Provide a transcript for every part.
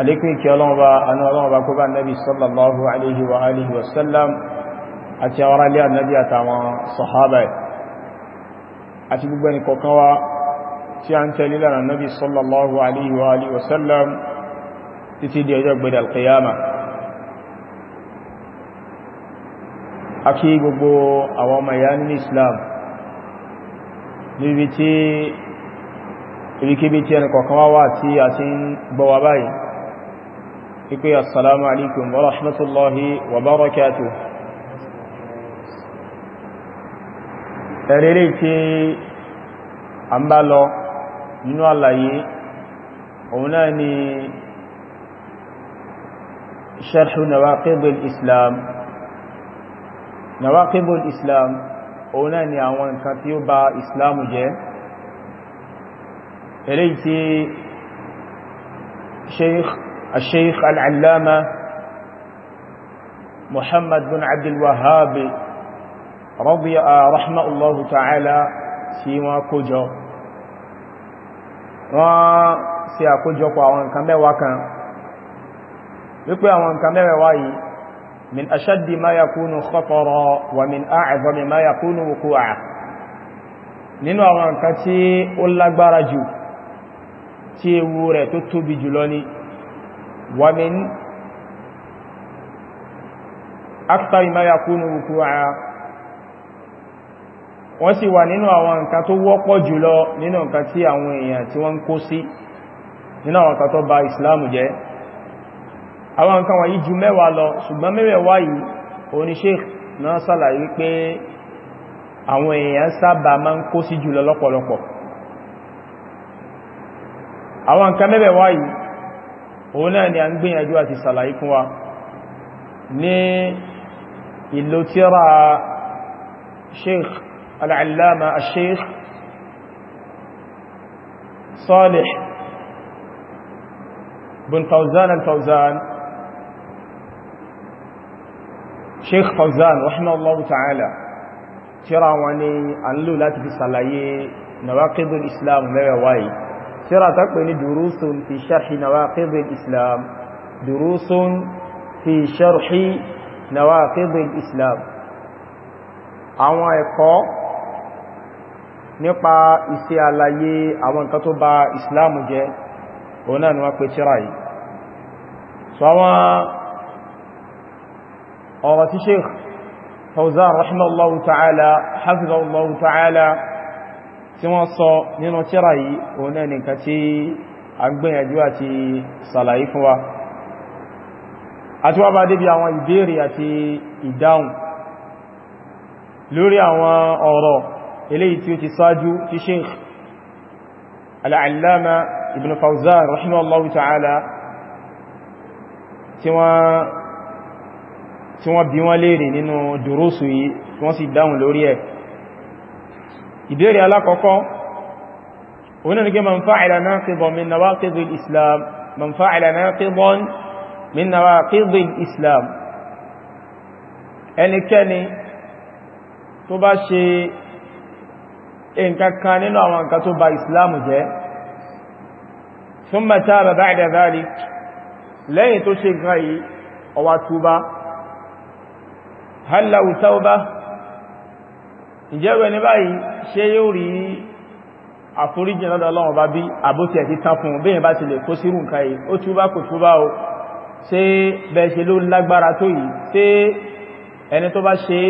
alékún ìkẹ́ ọlọ́wọ́ba anú ọlọ́wọ́ba kó bá nabi sallallahu alaihi wa alihi wasallam àti àwọn ará ilé annabi àtàwọn sahaba àti gbogbo ẹni kọ̀kan wa tí a ń tẹ̀lé lánà nabi sallallahu alaihi wa alihi wasallam títí di ọjọ́ gbẹ̀dẹ̀ alkiyama a kí gbogbo níbi tí ẹni kọ̀kan wá wà tí a ti ń gbọ́wa báyìí ipe assalamu alaikum wa rahmatullahi wa barakatuh ẹ̀rẹ́rẹ́ tí a ń bá lọ nínú àlàyé òun náà ni sharhu nawaqidul islam nawaqidul islam òun náà ni àwọn nǹkan tí ó bà islam jẹ́ ẹ̀rẹ́ tí sheikh الشيخ العلامة محمد بن عبد الوهاب رضي رحمه الله تعالى سيما كجو wọ́n ṣe àkójọpọ̀ àwọn nǹkan mẹ́wàá kan wípé àwọn nǹkan mẹ́wàá yìí min aṣaddi ma yakunu khatara wa min a'zami ma yakunu wuqu'a nínú àwọn nǹkan tí ó lágbára jù tí ewu rẹ̀ tó tóbi jùlọ ni ومن أكثر ما يكون وقوعا wọ́n sì wà nínú àwọn nǹkan tó wọ́pọ̀ jùlọ nínú nǹkan tí àwọn èèyàn tí wọ́n ń kó sí nínú àwọn nǹkan tó bà ìsìláàmù jẹ́ àwọn nǹkan wọ̀nyí ju mẹ́wàá lọ ṣùgbọ́n mẹ́wàá yìí oní Sheikh náà sàlàyé wípé àwọn èèyàn sábà máa ń kó sí jùlọ lọ́pọ̀lọpọ̀ àwọn nǹkan mẹ́wàá yìí òun náà ni a ń gbìyànjú àti sàlàyé fún wa ní ìlò tíra sheikh al'allama a sheikh salih bin Fawzan al-Fawzan sheikh Fawzan rahimahullahu ta'ala tíra wani an lò láti fi sàlàyé nawaqidul islam mẹ́rẹ̀wáyìí tíra ta pè ní durusun fi sharhi nawaqid al-islam durusun fi sharhi nawaqid al-islam àwọn ẹ̀kọ́ nípa ìṣe àlàyé àwọn nǹkan tó bá islam jẹ́ òun náà ni wọ́n pè tíra yìí so àwọn ọ̀rọ̀ tí sheikh Fawzan rahimahullahu ta'ala hafizahullahu ta'ala tí wọ́n sọ nínú tírà yìí òun náà nìkan tí a gbìyànjú àti sàlàyé fún wa àti wá bá débi àwọn ìbéèrè àti ìdáhùn lórí àwọn ọ̀rọ̀ eléyìí tí ó ti sáájú tí sheikh al'allama ibn fawzan rahimahullahu ta'ala tí wọ́n bí wọ́n léèrè nínú dùrúsù yìí wọ́n sì dáhùn lórí ẹ̀ ìbéèrè alákọ̀ọ́kọ́ òun náà ní man fa'ala naqidan min nawaqid al-islam man fa'ala naqidan min nawaqid al-islam ẹnikẹ́ni tó bá ṣe nǹkankan nínú àwọn nǹkan tó ba ìsìláàmù jẹ́ thumma taba ba'da dhalik lẹ́yìn tó ṣe gan yìí túbá hal lahu ìjẹ́wẹ̀ ní báyìí ṣe yóò rí àforíjìn lọ́dọ̀ ọlọ́run bá bí àbótí ẹ̀kí tán fún bí ìyẹn bá ti lè kó sírù nǹkan yìí ó túbá kò túbá o ṣe bẹ́ẹ̀ ṣe ló lágbára tó yìí ṣe ẹni tó bá ṣe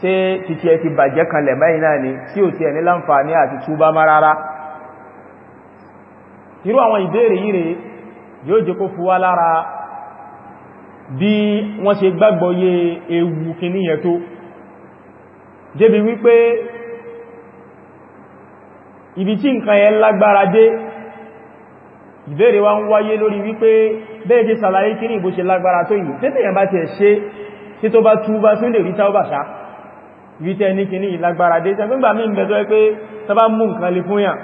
ṣe títí ẹ ti bàjẹ́ kanlẹ̀ mẹ́yìn náà ni tí ò ti ẹni láǹfààní débi wípé ibi tí nǹkan yẹn lágbára dé ìbéèrè wa ń wáyé lórí wípé bẹ́ẹ̀ jẹ́ sàlàyé kí ní ìbò ṣe lágbára tó yìí tẹ́tẹ̀ yẹn bá ti ẹ̀ ṣe tí tó bá túbá tó lè rí tábà ṣá rí tẹ́ ní kìíní ìlágbára dé tẹ́gbẹ́gbà mí bẹ̀tọ́ pé tọ́bá mú nǹkan lè fún yàn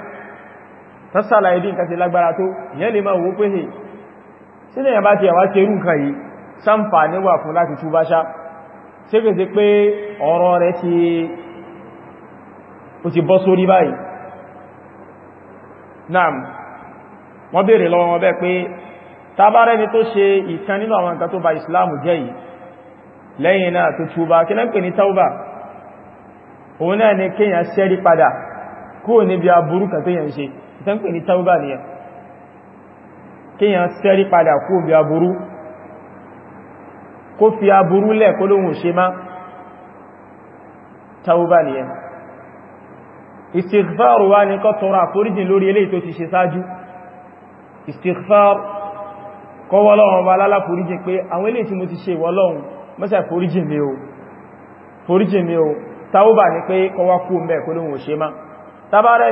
tọ́ sàlàyé bí nǹkan ṣe lágbára tó ìyẹn lè máa wó pé hì sí lẹ́yìn bá ti ẹ̀wá ṣe rú pé ọ̀rọ̀ rẹ̀ ti bọ́ sórí báyìí naam wọ́n bèèrè lọ́wọ́ wọn bẹ́ẹ̀ pé tabarẹ́ ni tó ṣe ìkan nínú àwọn nǹkan tó ba islam jẹ́ yìí lẹ́yìn náà tó túbá kí náà pè ní tauba òun náà ni kíyàn ṣẹ́rí padà kúrò níbi aburú kan tó yàn ṣe ìtàn pè ní istighfar wá ní kó tọrọ àforíjìn lórí eléyìí tó ti ṣe sáájú istighfar kó wá Ọlọ́run bá lálá foríjìn pé àwọn eléyìí tí mo ti ṣe ìwọ Ọlọ́run mọ́sẹ̀ foríjìn mi o foríjìn mi o tàúbà ní pé kó wá kú mẹ́ kó lóhun ò ṣe má tàbára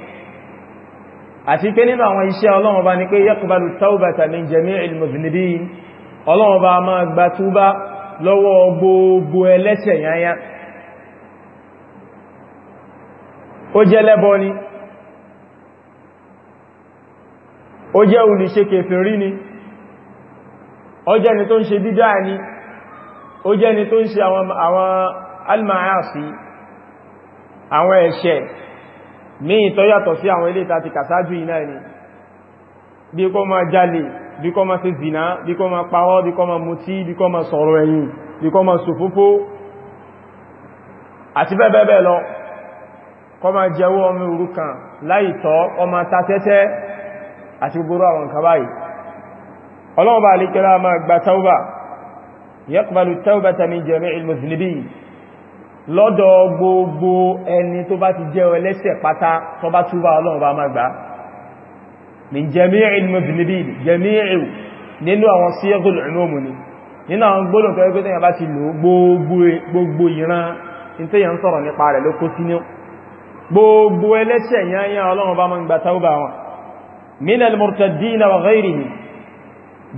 àti pé nínú àwọn iṣẹ́ ọlọ́run bá ní pé yaqbalu taubata min jami'il muznibin ọlọ́run bá máa gba túbá lọ́wọ́ gbogbo ẹlẹ́ṣẹ̀ yányá ó jẹ́ lẹ́bọ ni ó jẹ́ olùṣe kèfèrí ni ó jẹ́ ni tó ń ṣe dídá ni ó jẹ́ ni tó ń ṣe àwọn al ní ìtọ́yàtọ̀ sí àwọn ilé ìta ti kàsájú iná ẹni bí kọ́ ma jalè bí kọ́ ma ṣe zìná bí kọ́ ma pawọ́ bí kọ́ ma mutí bí kọ́ ma sọ̀rọ̀ ẹ̀yìn bí kọ́ ma sòfófó àti bẹ́ẹ̀bẹ́ẹ̀ lọ kọ́ ma jẹ́wọ́ ọmọ òrukàn láìtọ́ ọmọ tatẹ́tẹ́ àti gbogbo lọ́dọ̀ gbogbo ẹni tó bá ti jẹ́ ẹlẹ́ṣẹ̀ pátá tó bá túbá ọlọ́run bá máa gbà min jami'il mudhnibin jami'u nínú àwọn síyẹ́gùn ìrìnàmù ni nínú àwọn gbólóhùn tó ẹgbẹ́ tẹ́yàn bá ti lò e, gbogbo ìran tẹ́yàn sọ̀rọ̀ nípa rẹ̀ ló kó sínú gbogbo ẹlẹ́ṣẹ̀ yányán ọlọ́run bá máa gbà tàúbà wọn min al-murtaddina wa ghayrihim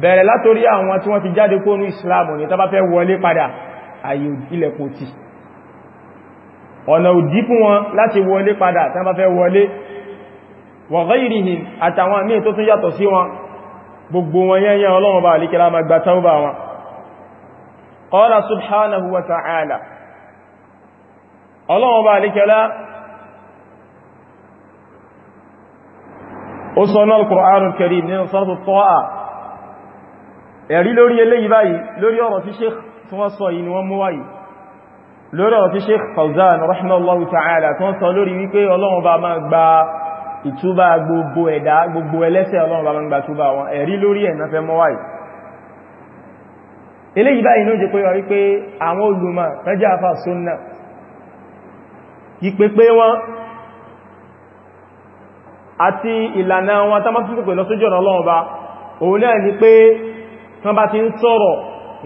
bẹ̀rẹ̀ látorí àwọn tí wọ́n ti jáde kó ní ìsìlámù ní tàbá fẹ́ wọlé padà ayò ilẹ̀kùn ti ọ̀nà òdí fún wọn láti wọlé padà tán bá fẹ́ wọlé wa ghayrihim àtàwọn míì tó tún yàtọ̀ sí wọn gbogbo wọn yẹnyẹn Ọlọ́run bá alikira ma gba tán bá wọn qala subhanahu wa ta'ala Ọlọ́run bá alikira ó sọ náà al-Qur'anul Karim nínú lórí ọ̀rọ̀ tí Sheikh Fauzan rahimahullahu ta'ala kan sọ lórí wípé Ọlọ́run bá máa gba ìtúbà gbogbo ẹ̀dá gbogbo ẹlẹ́sẹ̀ Ọlọ́run bá máa gba túbà wọn ẹ̀rí lórí ẹ̀nà fẹ́ mọ́wàí eléyìí báyìí ló jẹ́ pé wọ́n wípé àwọn olùmọ̀ fẹ́jẹ́ afá súnnà ìpé pé wọ́n àti ìlànà wọn tá máa fífẹ́ lọ sójú ọ̀nà Ọlọ́run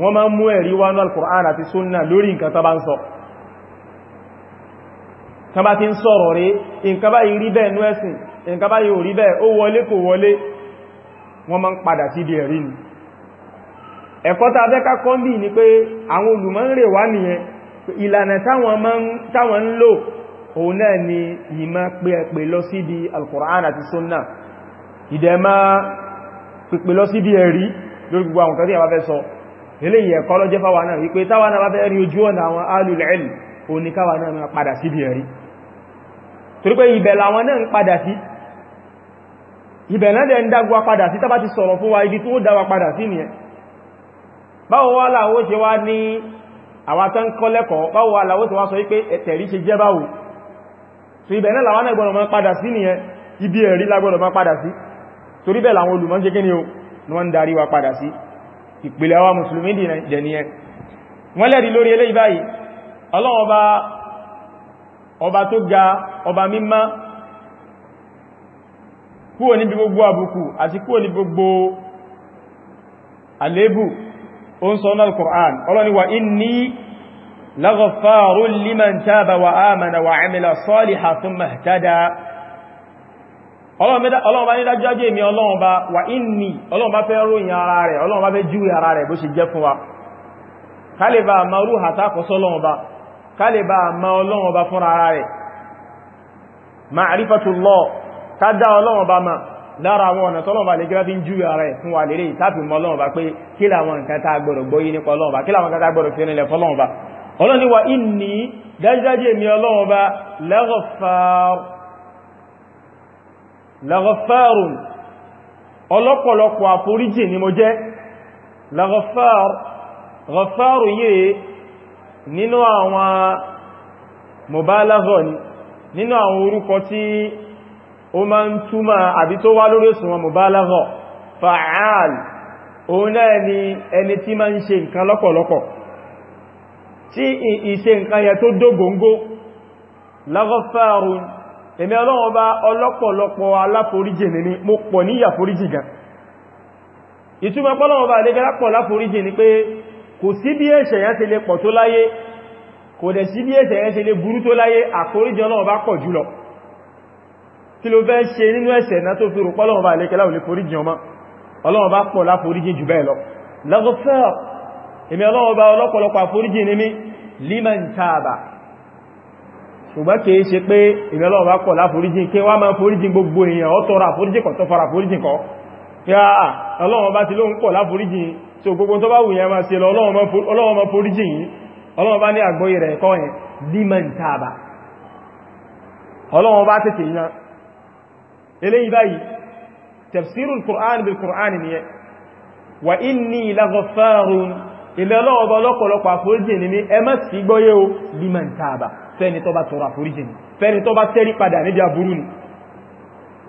wọ́n máa mú ẹ̀rí wánú al àti súnnà lórí nǹkan tá bá ń sọ tán bá ti ń sọ̀rọ̀ rí nǹkan báyìí rí bẹ́ẹ̀ nú ẹ̀sìn nǹkan báyìí ò rí bẹ́ẹ̀ ó wọlé kò wọlé wọ́n máa ń padà sí ibi ẹ̀rí ni ẹ̀kọ́ ta fẹ́ ká kọ́ndì ni pé àwọn olùmọ̀ ń rè wá ni ìmá pé ẹ̀pẹ̀ sunna ìdẹ̀má pèpè lọ síbi ẹ̀rí lórí gbogbo àwọn kan tí a bá fẹ́ sọ eléyìí ẹ̀kọ́ ló jẹ́ fáwa náà wípé táwa náà ẹ̀rí torí pé ibẹ̀ làwọn náà ń padà sí ibẹ̀ náà dẹ̀ ń dágbà padà sí tàbá ti sọ̀rọ̀ fún wa ibi tí ó dáwà padà sí nìyẹn báwo wá làwó ṣe wá ní àwátán kọ́lẹ́kọ̀ọ́ báwo wá làwó ṣe wá sọ wípé ẹ̀tẹ̀rí ṣe jẹ́ báwo so ibẹ̀ náà làwọn náà gbọ́dọ̀ máa padà sí nìyẹn ibi ẹ̀rí lágbọ́dọ̀ ni wọ́n ń darí wa padà ìpìlẹ̀ wa mùsùlùmí dẹ̀ nìyẹn wọ́n lẹ́rìí lórí eléyìí báyìí ọlọ́wọ́ bá ọba tó ga ọba mímá kúrò níbi gbogbo àbùkù àti kúrò ní gbogbo àlébù ó ń sọ náà Qur'an ọlọ́ni wa inni laghaffarun liman taba wa amana wa amila salihan thumma ihtada ọlọ́ọ̀bá ní dájájú èmi ọlọ́ọ̀bá wà inni ọlọ́ọ̀bá fẹ́ ròyìn ara rẹ̀ ọlọ́ọ̀bá fẹ́ júwe ara rẹ̀ bó ṣe jẹ́ fún wa kálẹ̀bà marú hàtàkọ́ sọ́lọ́ọ̀bá kálẹ̀bà ma ọlọ́wọ̀n bá fúnra ara rẹ̀ ma'rifatullah ká dá ọlọ́wọ̀n bá ma lára àwọn ọ̀nà tọ́lọ̀wọ̀n bá lè gẹ́gẹ́ fi ń júwe ara ẹ̀ fún wa lèrè tàbí mọ́ ọlọ́wọ̀n bá pé kí làwọn nǹkan tá gbọ́dọ̀ gbọ́yé nípa ọlọ́wọ̀n bá kí làwọn nǹkan tá gbọ́dọ̀ fi nílẹ̀ fọ́lọ́wọ̀n nínú àwọn mọ̀bálázọ̀ ni nínú àwọn orúkọ tí ó ma ń túmọ̀ àbí tó wá lórí òsùnwọ̀n mọ̀bálázọ̀ fa'al òun náà ni ẹni tí ma ń ṣe nǹkan lọ́pọ̀lọpọ̀ tí ìṣe nǹkan yẹ tó dógóngó laghafarun èmi ọlọ́wọ́ bá ọlọ́pọ̀lọpọ̀ aláforíjì ní mo pọ̀ níyà foríjì gan ìtumọ̀ bá lẹ́gẹ́lápọ̀ láforíjì ni pé kò sí bí ẹ̀ṣẹ̀ yẹn ṣe lè pọ̀ tó láyé kò dẹ̀ sí bí ẹ̀ṣẹ̀ yẹn ṣe lè burú tó láyé àforíjì Ọlọ́run bá pọ̀ jùlọ kí ló fẹ́ ṣe nínú ẹ̀ṣẹ̀ náà tó fi rò pọ́lọ́run bá lẹ́kẹ́lá ò lè foríjì ọmọ Ọlọ́run bá pọ̀ láforíjì jù bẹ́ẹ̀ lọ lọ́gọ́fẹ́ èmi Ọlọ́run bá ọlọ́pọ̀lọpọ̀ àforíjì ní mí liman tààbà ṣùgbọ́n kìí ṣe pé èmi Ọlọ́run bá pọ̀ láforíjì kí wá máa foríjì gbogbo èèyàn ó tọrọ àforíjì kọ̀ tó fara àforíjì kọ̀ yáà ah, ah, ọlọ́run bá ti ló ń pọ̀ láforíjìn tí ògbogbo tó bá wùyẹn máa ṣe lọ ọlọ́run máa foríjìn yìí ọlọ́run bá ní àgbóyè rẹ̀ kọ́ yẹn liman taba ọlọ́run bá tètè iná eléyìí báyìí tafsirul qur'an bil qur'an nìyẹn wa inni laghaffarun ilẹ̀ ọlọ́run bá lọ́pọ̀lọpọ̀ àforíjìn ní ẹ má sì gbọ́yé o liman taba fẹ́ni tó bá tọrọ àforíjìn fẹ́ni tó bá tẹ́rí padà níbi aburú ni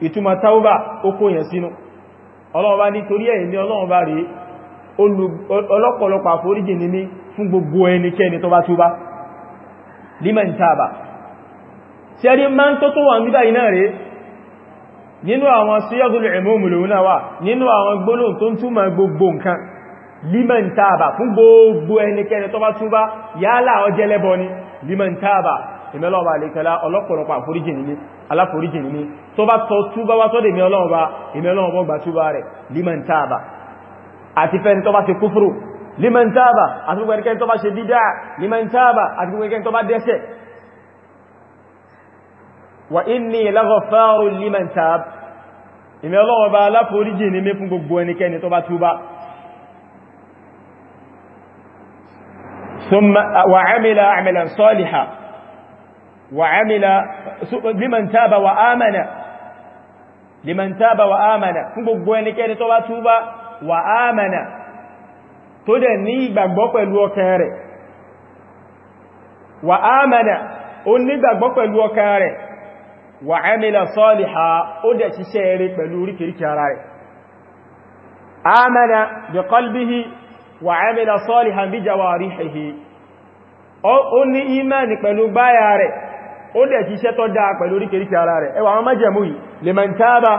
ìtumọ̀ tàúbà ó kó yẹn sínú ọlọ́ọ̀bá nítorí ẹ̀yìn ní ọlọ́ọ̀bá rí ọlọ́pọ̀lọpọ̀ àforíjì ní ní fún gbogbo ẹnikẹ́ni tó bá túbá liman tàbà tí a rí ma ń tó tó wà ń bídá iná rẹ̀ nínú àwọn síyọ́gùn ìmúmùlòun náà wà nínú àwọn fún gbogbo ẹnikẹ́ni tó bá túbá yálà ó ni liman ìmẹ́lọ́ọ̀bá àlékẹ́lá ọlọ́pọ̀lọpọ̀ àforíjì nílé aláforíjì nílé tó bá tọ́ túbá wá sọ́dẹ̀ ìmẹ́lọ́ọ̀bá ìmẹ́lọ́ọ̀bá gbà túbá rẹ̀ liman taba àti fẹ́ni tó bá ṣe kúfúrù liman taba àti gbogbo ẹnikẹ́ni tó bá ثم وعمل عملا صالحا وعمل لمن تاب وآمن لمن تاب وآمن fún gbogbo ẹnikẹ́ni tó bá túbá wa amana tó dẹ̀ ní ìgbàgbọ́ pẹ̀lú ọkàn rẹ̀ wa amana ó ní ìgbàgbọ́ pẹ̀lú ọkàn rẹ̀ wa amila salihan ó dẹ̀ ṣiṣẹ́ rẹ̀ pẹ̀lú oríkèríkè ara rẹ̀ amana bi qalbihi wa amila salihan bi jawarihi ó ní ìmánì pẹ̀lú báyà rẹ̀ ó dẹ̀ ti iṣẹ́ tó dáa pẹ̀lú oríkèríkè ara rẹ̀ ẹwà àwọn májẹ̀mú yìí liman taba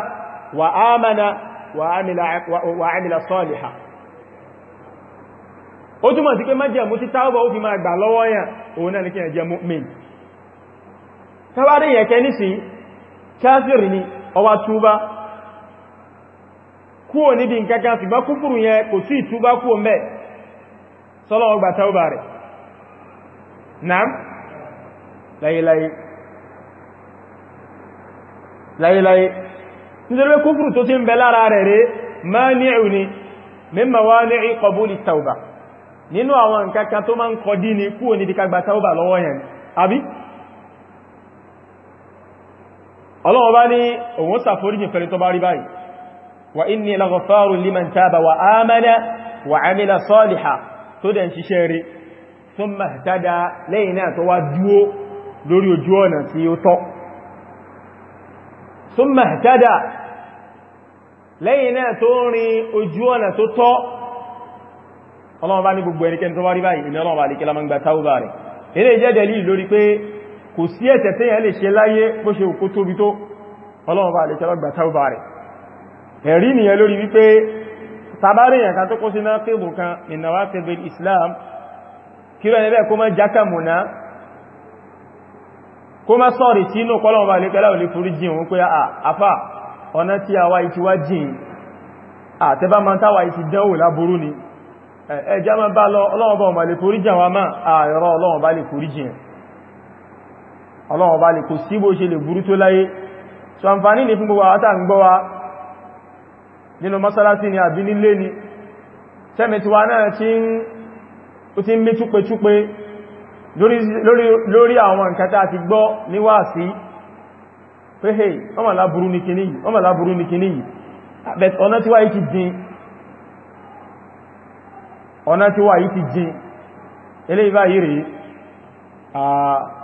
wa amana wa amila saliha ó túnmọ̀ sí pé májẹ̀mú tí táwọ́bà ó fi máa gbà lọ́wọ́ yàn òun náà ní kí ẹjẹ́ mu'min tàbárí yẹ̀kẹ́ ní sí káfìrì ni láyíláyí nítorí kúfùrù tó ti ń bẹ lára rẹ̀ rẹ̀ máa ní ẹ̀rù ni mímọ̀ wá ní ìkọbúlì tàùbà nínú àwọn nǹkan kan tó máa ń kọ dí ní kúò ní dìkagbà tàùbà lọ́wọ́ yẹn àbí ọlọ́wọ́ bá ní òun sàforíjìn fẹ́rẹ̀ tó lórí ojú ọ̀nà tí ó tọ́ summa ihtada lẹ́yìn náà tó ń rin ojú ọ̀nà tó tọ́ ọlọ́run bá ní gbogbo ẹnikẹ́ni tó wá rí báyìí ìnà ọlọ́run bá lè kí lámọ́ ń gba táúbà rẹ̀ eré jẹ́ dẹ̀lì lórí pé kò sí ẹ̀ṣẹ̀ tẹ́yàn lè ṣe láyé bó ṣe òkú tóbi tó ọlọ́run bá kó má sọ́rì tí inú pọ́lọ̀ ọba lẹ́kẹ́lá ò lè forí jìn òun pé àfà ọ̀nà tí àwa ìtí wá jìn àtẹ́bá ma ń táwà ìtí dánwò láburú ni ẹjá ma bá lọ ọlọ́wọ́ba ọmọ lè forí jìn àwọn máa ààrọ ọlọ́wọ́ba lè forí jìn ọlọ́wọ́ba lè kò sí ni fún gbogbo àwátà ń gbọ́ wa nínú mọ́sálásí ni àbí nílé ni lórí àwọn nǹkan tá ti gbọ́ níwá sí pé hey ọmọ láburú ní kìíní yìí ọmọ láburú ní kìíní yìí but ọ̀nà tí wà yìí ti jìn ọ̀nà tí wà yìí ti jìn ilé ibá yìí rí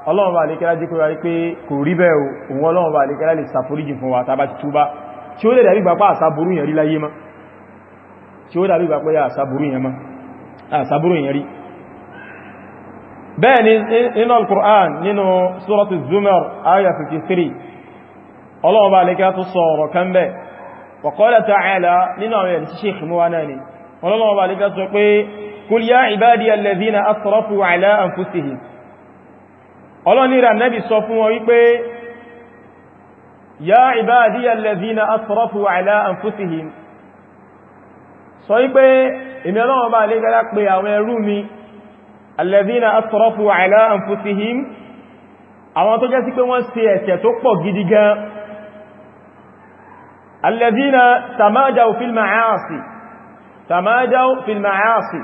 ọlọ́run bá lè jí kó rárí pé kò rí ọlọ́run bá bẹ́ẹ̀ ni nínú al-Qur'an nínú suratu Zumar aya 53 Ọlọ́run bá lẹ́kẹ́ tó sọ ọ̀rọ̀ kan bẹ́ wa qala ta'ala nínú àwọn ẹ̀rẹ̀ ṣe ṣìmúwa náà ni Ọlọ́run bá lẹ́kẹ́ sọ pé qul ya ibadiya alladhina asrafu ala anfusihim ọlọ́nira nẹ́bì sọ fún wọn wípé ya alẹ́dínà asọ́rọ́fù àìlá àǹfúsíhìm àwọn tó jẹ́ sí pé wọ́n ṣe ẹ̀ṣẹ̀ tó pọ̀ gidi gan alẹ́dínà tamájáwò fílmàáàsì tamájáwò fílmàáàsì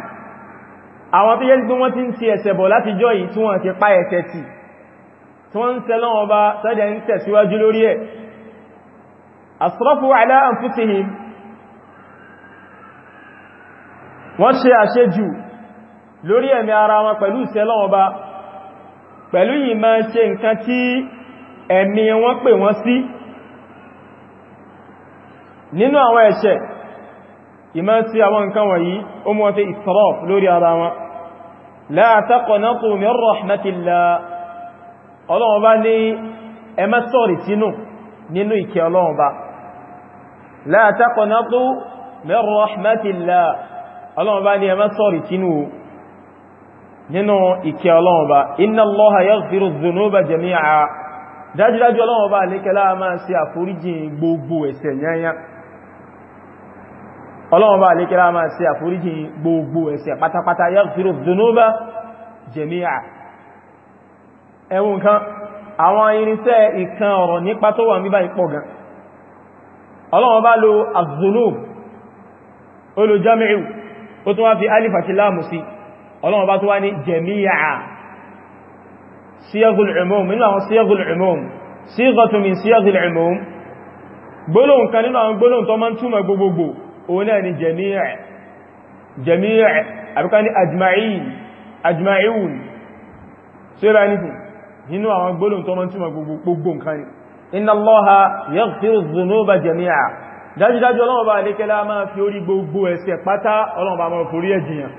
àwọn tó jẹ́ sí pé wọ́n ti ń ṣe ẹ̀ṣẹ̀ bọ̀ láti jọ yìí tí wọ́n ti lórí ẹ̀mí ara wọn pẹ̀lú ìṣẹ́lọ́wọ́ bá pẹ̀lú yìí máa ṣe nǹkan tí ẹ̀mí wọn pè wọ́n sí nínú àwọn ẹ̀ṣẹ̀ ìmá sí àwọn nǹkan wọ̀nyí ó mú wọn fi israf lórí ara wọn la taqnatu min rahmatillah ọlọ́wọ́n bá ní ẹmẹ́ sọ́rì sínú nínú ìkẹ́ ọlọ́wọ́n nínú ìkẹ́ ọlọ́run ọba inna Allaha yaghfiru dhunuba jami'a dájúdájú ọlọ́run ọba àlékẹ́lá máa ṣe àforíjìn gbogbo ẹ̀ṣẹ̀ yányá ọlọ́run ọba àlékẹ́lá máa ṣe àforíjìn gbogbo ẹ̀ṣẹ̀ pátápátá yaghfiru dhunuba jami'a ẹwùn kan àwọn ọlọ́wọ́ bá tó wá ní jẹ̀míyà síyagul umum nínú àwọn síyagul umum sígatun min síyagul umum gbólóhùn kan nínú àwọn gbólóhùn tó máa ń túmọ̀ gbogbogbò òun náà ni jẹ̀míyà jẹ̀míyà àbíká ní ajma'in ajma'un tí ó bá ní nínú àwọn gbólóhùn tó máa ń túmọ̀ gbogbo nǹkan ni inna allaha yaghfiru dhunuba jami'a dájúdájú ọlọ́wọ́ bá lékẹ́lá máa fi orí gbogbo ẹ̀ṣẹ̀ pátá ọlọ́wọ́ bá máa forí ẹ̀jìyàn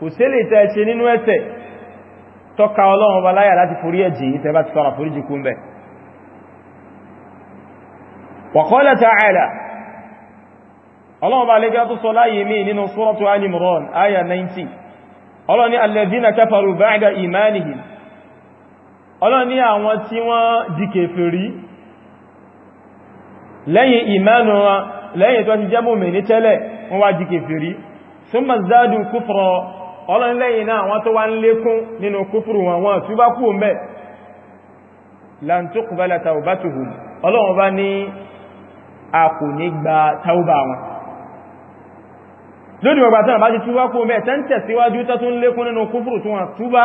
kò sí lè tẹ́ ṣe nínú ẹ̀ṣẹ̀ tọ́ka ọlọ́run ọba láyà láti forí ẹ̀jì tẹ́ bá ti tọ́ra forí jì kún bẹ̀ wa qala ọlọ́run ọba lẹ́gbẹ́ tó sọ láyé mí nínú 90 ọlọ́run ní alladhina kafaru ba'da imanihim ọlọ́run ní àwọn tí wọ́n di kèfèrí lẹ́yìn ìmánu wọn lẹ́yìn tẹ́lẹ̀ wọ́n wá di kèfèrí thumma zadu kufra ọlọ́nlẹ́yìn náà wọ́n tó wá ń lékún nínú kúfùrù wọn wọ́n tí bá kú ń bẹ́ lantukubala taubatuhum ọlọ́wọ́n bá ní a kò ní gba tauba wọn lónìí ọgbà tánà bá ti túbá kú ń bẹ́ tán tẹ̀síwájú tó tún lékún nínú kúfùrù tí wọ́n túbá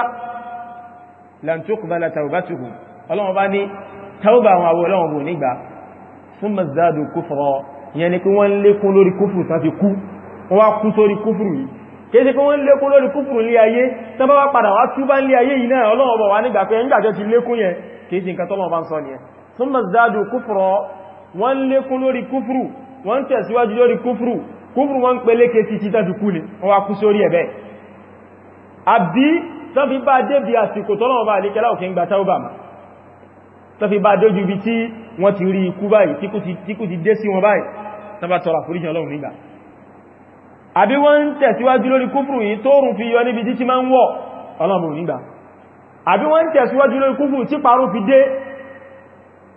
lantukubala taubatuhum ọlọ́wọ́n kéèsì pé wọ́n lékún lórí kúfùrù ní ayé tán bá wá padà wá tí ó bá ń lé ayé yìí náà Ọlọ́run bọ̀ wá nígbà pé ẹ̀ńgbàjọ́ ti lékún yẹn kéèsì nǹkan tọ́lọ̀ bá ń sọ nìyẹn tún bá zádù kúfùrọ̀ wọ́n lékún lórí kúfùrù wọ́n tẹ̀síwájú lórí kúfùrù kúfùrù wọ́n peléke sí títà fi kú ni wọ́n wá kú sórí ẹ̀ bẹ́ẹ̀ àbí tán fi bá débi àsìkò tọ́lọ̀ bá lè kẹ́lá òkè àbí wọ́n ń tẹ̀síwájú lórí kúfùrù yìí tó rùn fi yọ níbi títí máa ń wọ̀ ọlọ́mù nígbà àbí wọ́n ń tẹ̀síwájú lórí kúfùrù tí parun fi dé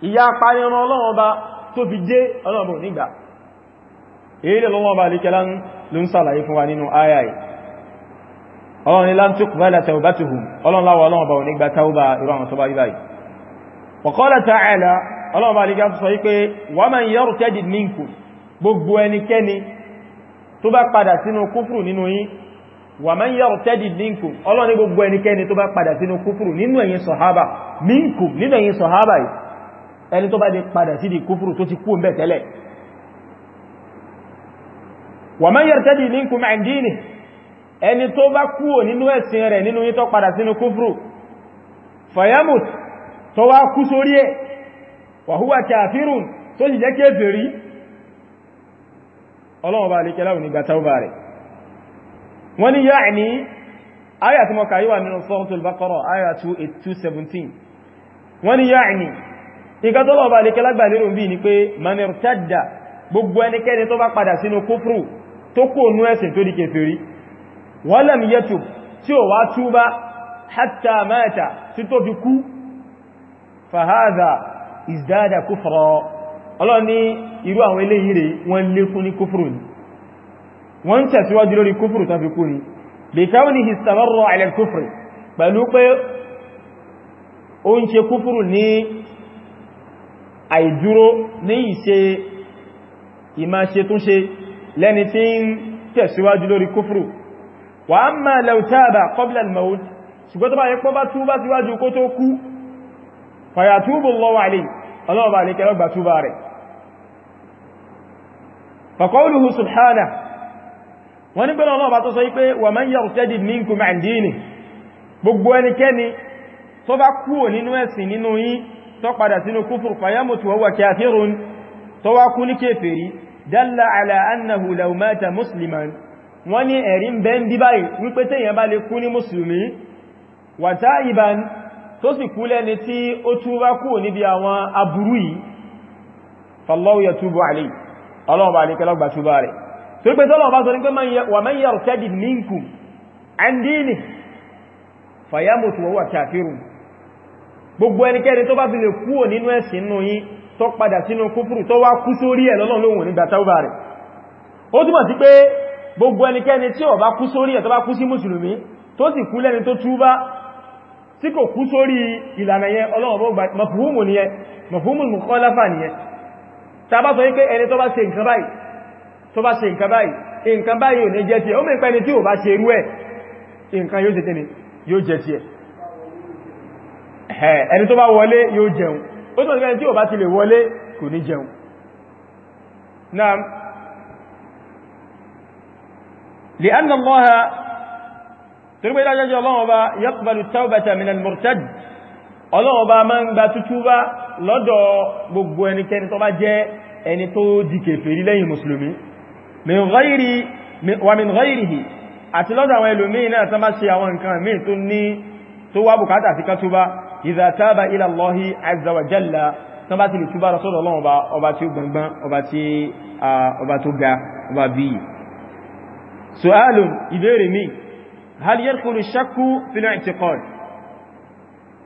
ìyá apáyẹran ọlọ́wọ́n bá tó fi dé ọlọ́mù nígbà èyí lè lọ́wọ́ bá líkẹ́lá ló ń sàlàyé fún wa nínú àyà yìí ọlọ́run ni láti kù bẹ́lẹ̀ tawbatuhum ọlọ́run láwọ ọlọ́run bá tó bá padà sínú kúfùrù nínú yín wà man yartadi minkum ọlọ́ni gbogbo ẹnikẹ́ni tó bá padà sínú kúfùrù nínú ẹ̀yin sọ̀hábà minkum nínú ẹ̀yin sọ̀hábà ẹni tó bá di padà sí di kúfùrù tó ti kú ń bẹ̀ tẹ́lẹ̀ wà man yartadi minkum an huwa kafirun tó jẹ́ kéfèrí ọlọ́wọ́ bá lè kẹlá òní gbà tàúbà rẹ̀ wọ́n ni yáà ní ayà tí mọ́ka yíwà nínú Suratul Baqarah ayà 217 wọ́n ni yáà ní ìgbà tọ́lọ́wọ́ bá lè kẹlá gbà lérò bí ní pé manirtadda gbogbo ẹnikẹ́ni tó bá padà ọlọ́run ní irú àwọn eléyìí rẹ̀ wọ́n lé fún ní kúfùrù ni wọ́n tẹ̀síwájú lórí kúfùrù tó fi kú ni bí káwọn ní histamarro alẹ́ kúfùrù pẹ̀lú pé ó ń ṣe kúfùrù ní àìdúró ní ìṣe ìmá ṣe tún ṣe lẹ́ni tí ń tẹ̀síwájú lórí kúfùrù wà rẹ̀ فقوله سبحانه ونبلا الله بعد صيبه ومن يرتد منكم عن دينه gbogbo ẹnikẹ́ni tó bá kúrò nínú ẹ̀sìn nínú yín tó padà sínú kúfùrù fayamutu wọ́wọ́ kafirun tó wá kú ní kéfèrí dalla ala annahu law mata musliman wọ́n ní ẹ̀rin bẹ́ẹ̀ bí báyìí wípé tẹ́yàn bá lè kú ní musulmi wa ta'iban tó sì kú lẹ́ni tí ó túbá kúrò níbi àwọn aburú yìí fallahu yatubu alayhi ọlọ́run bá níkẹ́ lọ́gbà túbá rẹ̀ tó pé tọ́lọ̀ bá sọ ní pé wà man yartadid minkum an dinihi fayamut wa huwa kafirun gbogbo ẹnikẹ́ni tó bá fi lè kúrò nínú ẹ̀sìn nù yí tó padà sínú kúfùrù tó wá kú sórí ẹ̀ lọ́lọ́run lóhun nígbà táúbà rẹ̀ ó túmọ̀ sí pé gbogbo ẹnikẹ́ni tí ó bá kú sórí ẹ̀ tó bá kú sí mùsùlùmí tó sì kú lẹ́ni tó túbá tí kò kú sórí ìlànà yẹn tàbá sọ wípé ẹni tó bá ṣe nǹkan báyìí tó bá ṣe nǹkan báyìí nǹkan báyìí ò ní jẹ́ tiẹ̀ ó mẹ́ pẹ́ni tí ò bá ṣe irú ẹ̀ nǹkan yóò jẹ́ tẹ́ni yóò jẹ́ tiẹ̀ ẹni tó bá wọlé yóò jẹun ó tó nígbẹ́ni tí ò bá ti lè wọlé kò ní jẹun náà lè anna Allah torípé dájọ́jọ́ ọlọ́wọ́ bá yaqbalu tawbata min ọlọ́run ọba máa ń gba tútúbá lọ́dọ̀ gbogbo ẹnikẹ́ni tó bá jẹ́ ẹni tó di kèfèrí lẹ́yìn mùsùlùmí wa min ghayrihi àti lọ́dọ̀ àwọn ẹlòmí náà tán bá ṣe àwọn nǹkan mí tó ní tó wá bùkátà sí kátúbá idha taba ila Allahi azza wa jalla tán bá ti lè túbá rọ sọ́dọ̀ ọlọ́run ọba tí ó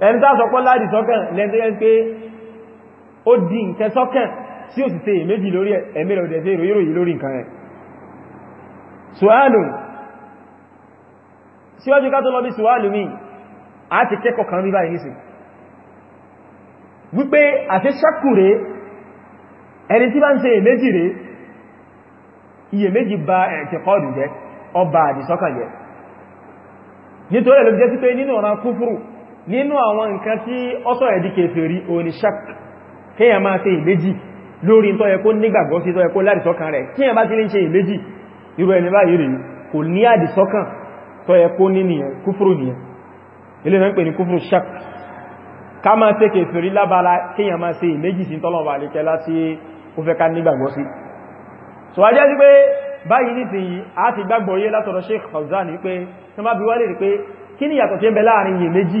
ẹni tá sọpọ́ láàdì sọ́kàn lẹ́ntẹ́ pé ó di nǹkan sọ́kàn tí ó sì ṣe èméjì lórí ẹ̀mí rẹ̀ òdẹ̀ṣẹ́ ìròyìn lórí nǹkan rẹ̀ ṣùhálùn síwájú ká tó lọ bí ṣùhálùn mi a ti kẹ́kọ̀ọ́ kan rí báyìí nísìn wípé àti ṣakù rẹ̀ ẹni tí bá ń ṣe èméjì rẹ̀ iyèméjì ba ẹ̀kẹ́kọ́ọ̀dù jẹ́ ọba àdìsọ́kàn jẹ́ nítorí ẹ̀lọ́gbẹ́sí pé nínú ọ̀ràn kúfúrù nínú àwọn nǹkan tí ọ́sọ̀ ẹ̀dí kèfèrí oníṣak kíyàn máa ṣe ìléjì lórí tó yẹ kó nígbàgbọ́ sí tó yẹ kó ládìsọ́kàn rẹ̀ kíyàn bá ti lè ṣe ìléjì irú ẹni báyìí rí kò ní àdìsọ́kàn tó yẹ kó ní nìyẹn kúfúrú nìyẹn ilé náà ń pè ní kúfúrú shak ká máa so a jẹ́ sí pé báyìí nìsìnyí a ti gbàgbọ́ yé látọ̀rọ̀ Sheikh Fauzan pé tí kí ni yàtọ̀ tí ń bẹ láàrin yè méjì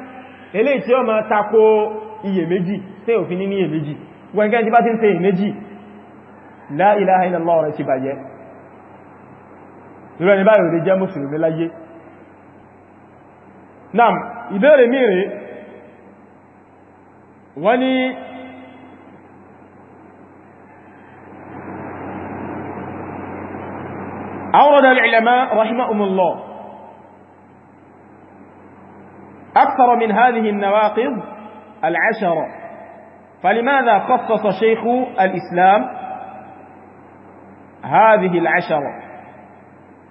eléyìí tí ó máa tako iyèméjì tí ò fi ní iyèméjì wẹ́gẹ́ tí bá ti ń ṣe iyèméjì la ilaha illallah ọ̀rẹ́ ti bàjẹ́ ìrọ̀ ní báyìí ò lè jẹ́ mùsùlùmí nam ìbéèrè mìíràn wọ́n ní أورد العلماء رحمهم الله أكثر من هذه النواقض العشرة فلماذا خصص شيخ الإسلام هذه العشرة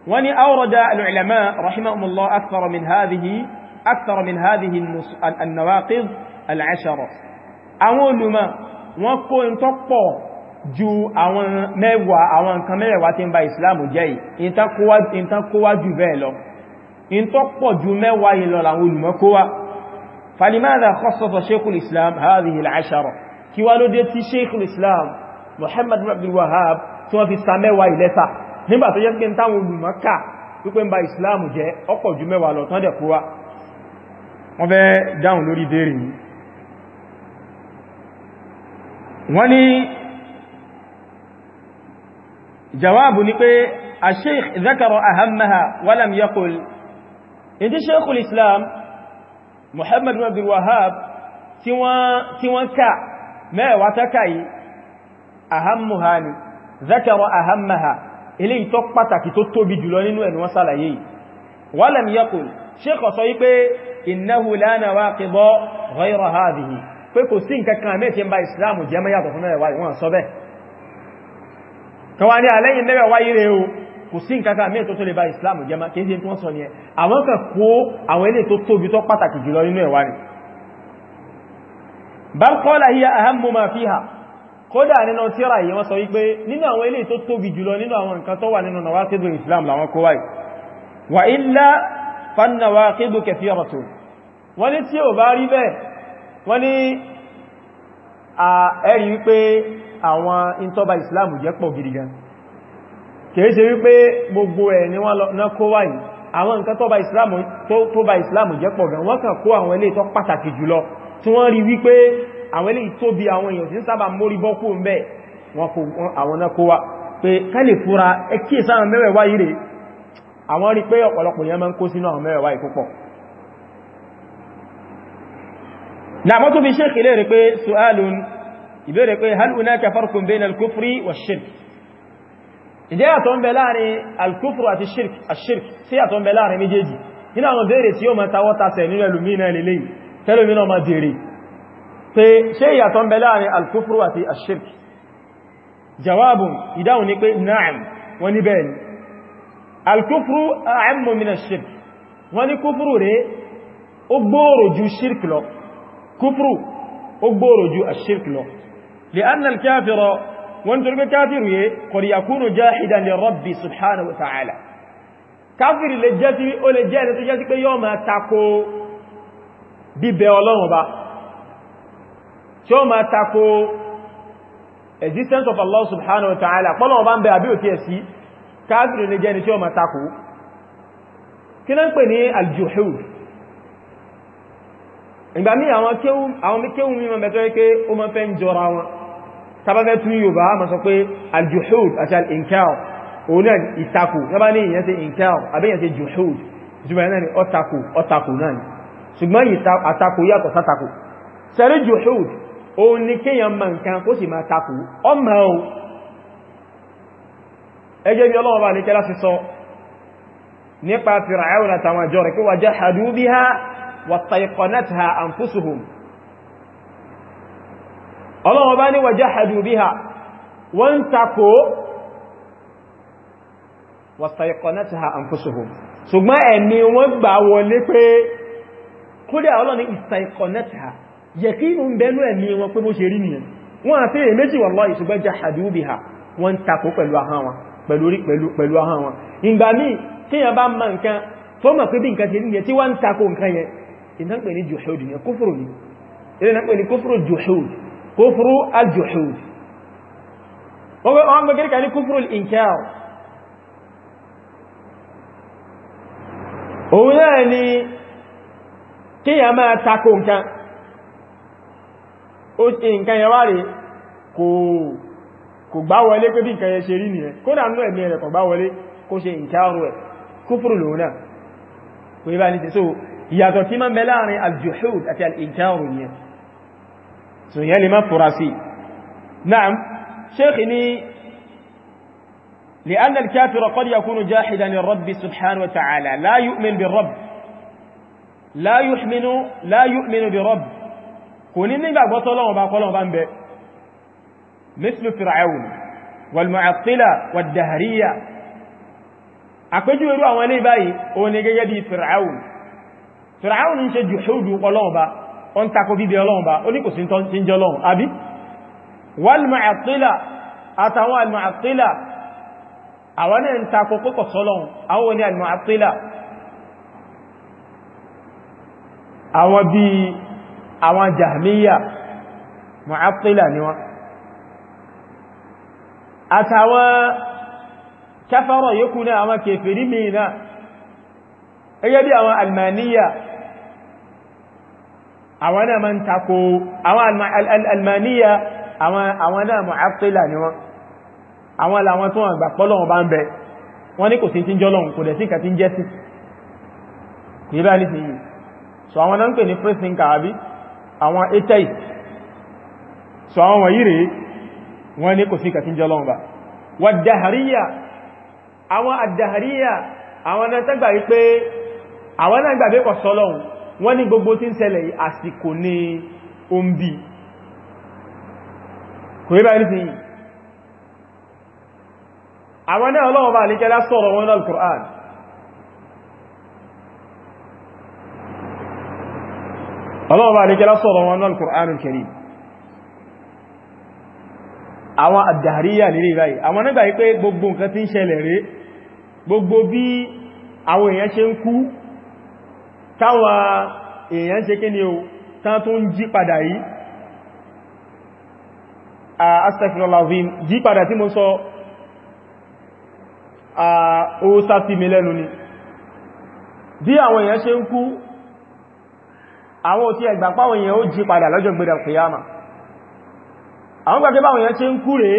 وني أورد العلماء رحمهم الله أكثر من هذه أكثر من هذه النواقض العشرة أول ما وكون تقو جو àwọn mẹ́wàá àwọn nǹkan mẹ́wàá tí ń ba ìsìláàmù jẹ́ yìí ìtàkówá in tó pọ̀ ju mẹ́wàá yìí lọ làwọn olùmọ́kówá falimada khassafa sheikhul islam hadhihi al-ashara kí wá ló dé tí sheikhul islam muhammad abdul wahab tí wọ́n fi sa mẹ́wàá yìí lẹ́sà nígbà tó jẹ́ pé ń táwọn olùmọ́ká wípé ń ba islam jẹ́ ọ̀pọ̀ ju mẹ́wàá lọ tán dẹ̀ kówá wọ́n fẹ́ dáhùn lórí béèrè yìí wọ́n ní jawabu ni pé الشيخ ذكر أهمها ولم يقل ìdí Sheikhul Islam Muhammad ibn Abdul Wahhab tí wọ́n ká mẹ́wàá tákà yìí ahammuha ni zakara ahammaha ilé ìtọ́ pàtàkì tó tóbi jùlọ nínú ẹ̀nu wọ́n sàlàyé yìí walam yaqul Sheikh sọ wípé innahu la nawaqida ghayra hadhihi pé kò sí nǹkan kan mẹ́tí ń kò sí nǹkankan mẹ́ tó tó lè bá ìsìláàmù jẹ́ máa kéèsì tí wọ́n sọ ní ẹ àwọn kan kó àwọn ilé tó tóbi tó pàtàkì jùlọ nínú ẹ̀wà ni bal qala hiya ahammu ma fiha kódà nínú tíra yìí wọ́n sọ wípé nínú àwọn ilé tó tóbi jùlọ nínú àwọn nǹkan tó wà kìí ṣe wípé gbogbo ẹ̀ ni wọ́n ná kó wáyìí àwọn nǹkan tó bá ìsìláàmù jẹ́ pọ̀ gan wọ́n kàn kó àwọn ilé tó pàtàkì jùlọ tí wọ́n rí wípé àwọn ilé ìtóbi àwọn èèyàn tí ń sábà mórí bọ́kú ń wọn kò àwọn náà kó wá pé kẹ́lẹ̀ fúra ẹkí àwọn rí pé ǹjẹ́ yàtọ̀ ń bẹ láàrin alkufru àti shirk ashirk sí yàtọ̀ ń bẹ láàrin méjèèjì nínú àwọn béèrè tí ó ma tawọ́ tasẹ̀ nínú ẹlòmínà lélẹ̀ tẹ́lòmínà ma béèrè pé ṣé yàtọ̀ ń bẹ láàrin alkufru àti ashirk jawabun ìdáhùn ni pé na'am wọ́n ní bẹ́ẹ̀ ni alkufru a'ammu shirk wọ́n torí pé káfìrì yẹ kọ̀rì yakúnù jahidan li rabbi subhanahu wa ta'ala káfìrì lè jẹ́ sí ó lè jẹ́ ẹni tó jẹ́ sí pé yọ́ máa tako bíbẹ ọlọ́run ba tí ó máa tako existence of Allah subhanahu wa ta'ala pọ́lọ̀wọ́ bá ń bẹ àbí òtí ẹ̀ sí káfìrì lè jẹ́ ni tí ó máa tako kí náà ń pè ní àwọn kéwù mímọ̀ mẹ́tọ́ wípé ó máa fẹ́ ń jọra wọn tàbáfẹ́ tún yóò bá ma sọ pé aljuhud àti al'inkau òun náà ìtakò yọba ní ìyẹn ṣe inkau àbẹ́yẹn ṣe juhud ìtumọ̀ náà ni ọtakò ọtakò náà ni ṣùgbọ́n àtakò yàtọ̀ sátakò sẹ́rí juhud òun ni kíyàn ma nǹkan kó sì máa takò ọmọ o ọlọ́wọ́ bá ní wa jahadu biha wọ́n takò wastayqanatha anfusuhum ṣùgbọ́n ẹ̀mí wọ́n gbà wọlé pé kódà ọlọ́ni istayqanatha yẹ̀kínú ń bẹnú ẹ̀mí wọn pé bó ṣe rí nìyàn wọ́n àti èyí méjì wallahi ṣùgbọ́n jahadu biha wọ́n takò kúfúrú aljuhud wọ́n gbogbo ní kúfúrú inkar òun náà ni kí yà máa takò nǹkan ó ti nǹkan yẹ wá rí kò gbá wọlé pé bí nǹkan yẹ ṣe rí nìyẹn kódà nínú ẹ̀mí rẹ̀ kò gbá wọlé kó ṣe ìkárù ẹ̀ kúfúrù lòun náà so yẹn lè نعم fura sí لأن الكافر قد يكون جاحدا للرب سبحانه وتعالى لا يؤمن بالرب لا يؤمن لا يؤمن بالرب قولي نيغا غوتولون با كولون با نبي مثل فرعون والمعطلة والدهرية أكوجو يرو àwọn باي báyìí ó فرعون فرعون ń ṣe ó ń takò bíbẹ ọlọ́run bá ó ní kò sí tí ń jẹ́ ọlọ́run àbí wal-mu'attila àtàwọn al-mu'attila àwọn náà ń takò kókò sọ́lọ́run àwọn ni al-mu'attila àwọn bí àwọn jahmiya mu'attila ni wọ́n àtàwọn kẹfàrọ̀ yókù náà àwọn kèfèrí mìíràn gẹ́gẹ́ bí àwọn almaniya àwọn náà máa ń takò àwọn almaniya àwọn náà mu'attila ni wọ́n àwọn làwọn tó wọ́n gbà pé Ọlọ́run bá ń bẹ wọ́n ní kò sí tí ń kò dẹ̀ sí kàtí ń jẹ́ sí kò bá ní sí yìí so àwọn náà ń pè ní first thinker àwọn so àwọn wọ̀nyí rèé wọ́n ní kò sí kàtí ń jọ́lọ́run bá wà dahariya àwọn adahariya àwọn náà wọ́n ní gbogbo tí ń ṣẹlẹ̀ àsìkò ní oúnbí kò rí báyìí nìsìn àwọn náà ọlọ́wọ́ bá níkẹ́lá sọ̀rọ̀ wọn náà al-Qur'an ọlọ́wọ́ bá níkẹ́lá sọ̀rọ̀ wọn náà al-Qur'an al àwọn àdàríyà nílé báyìí àwọn nígbà yí pé gbogbo nǹkan tí ń ṣẹlẹ̀ rí gbogbo bí àwọn èèyàn ṣe ń kú táwà èèyàn ṣe kí ni o tán tó ń jí padà yìí astaghfirullahalazim jí padà tí mo sọ ó sáfí mi lẹ́nu ni bí àwọn èèyàn ṣe ń kú àwọn òtí ẹgbà páwọn èèyàn ó jí padà lọ́jọ́ gbẹ̀dẹ̀ kìyàmà àwọn gbàgbé báwọn èèyàn ṣe ń kú rèé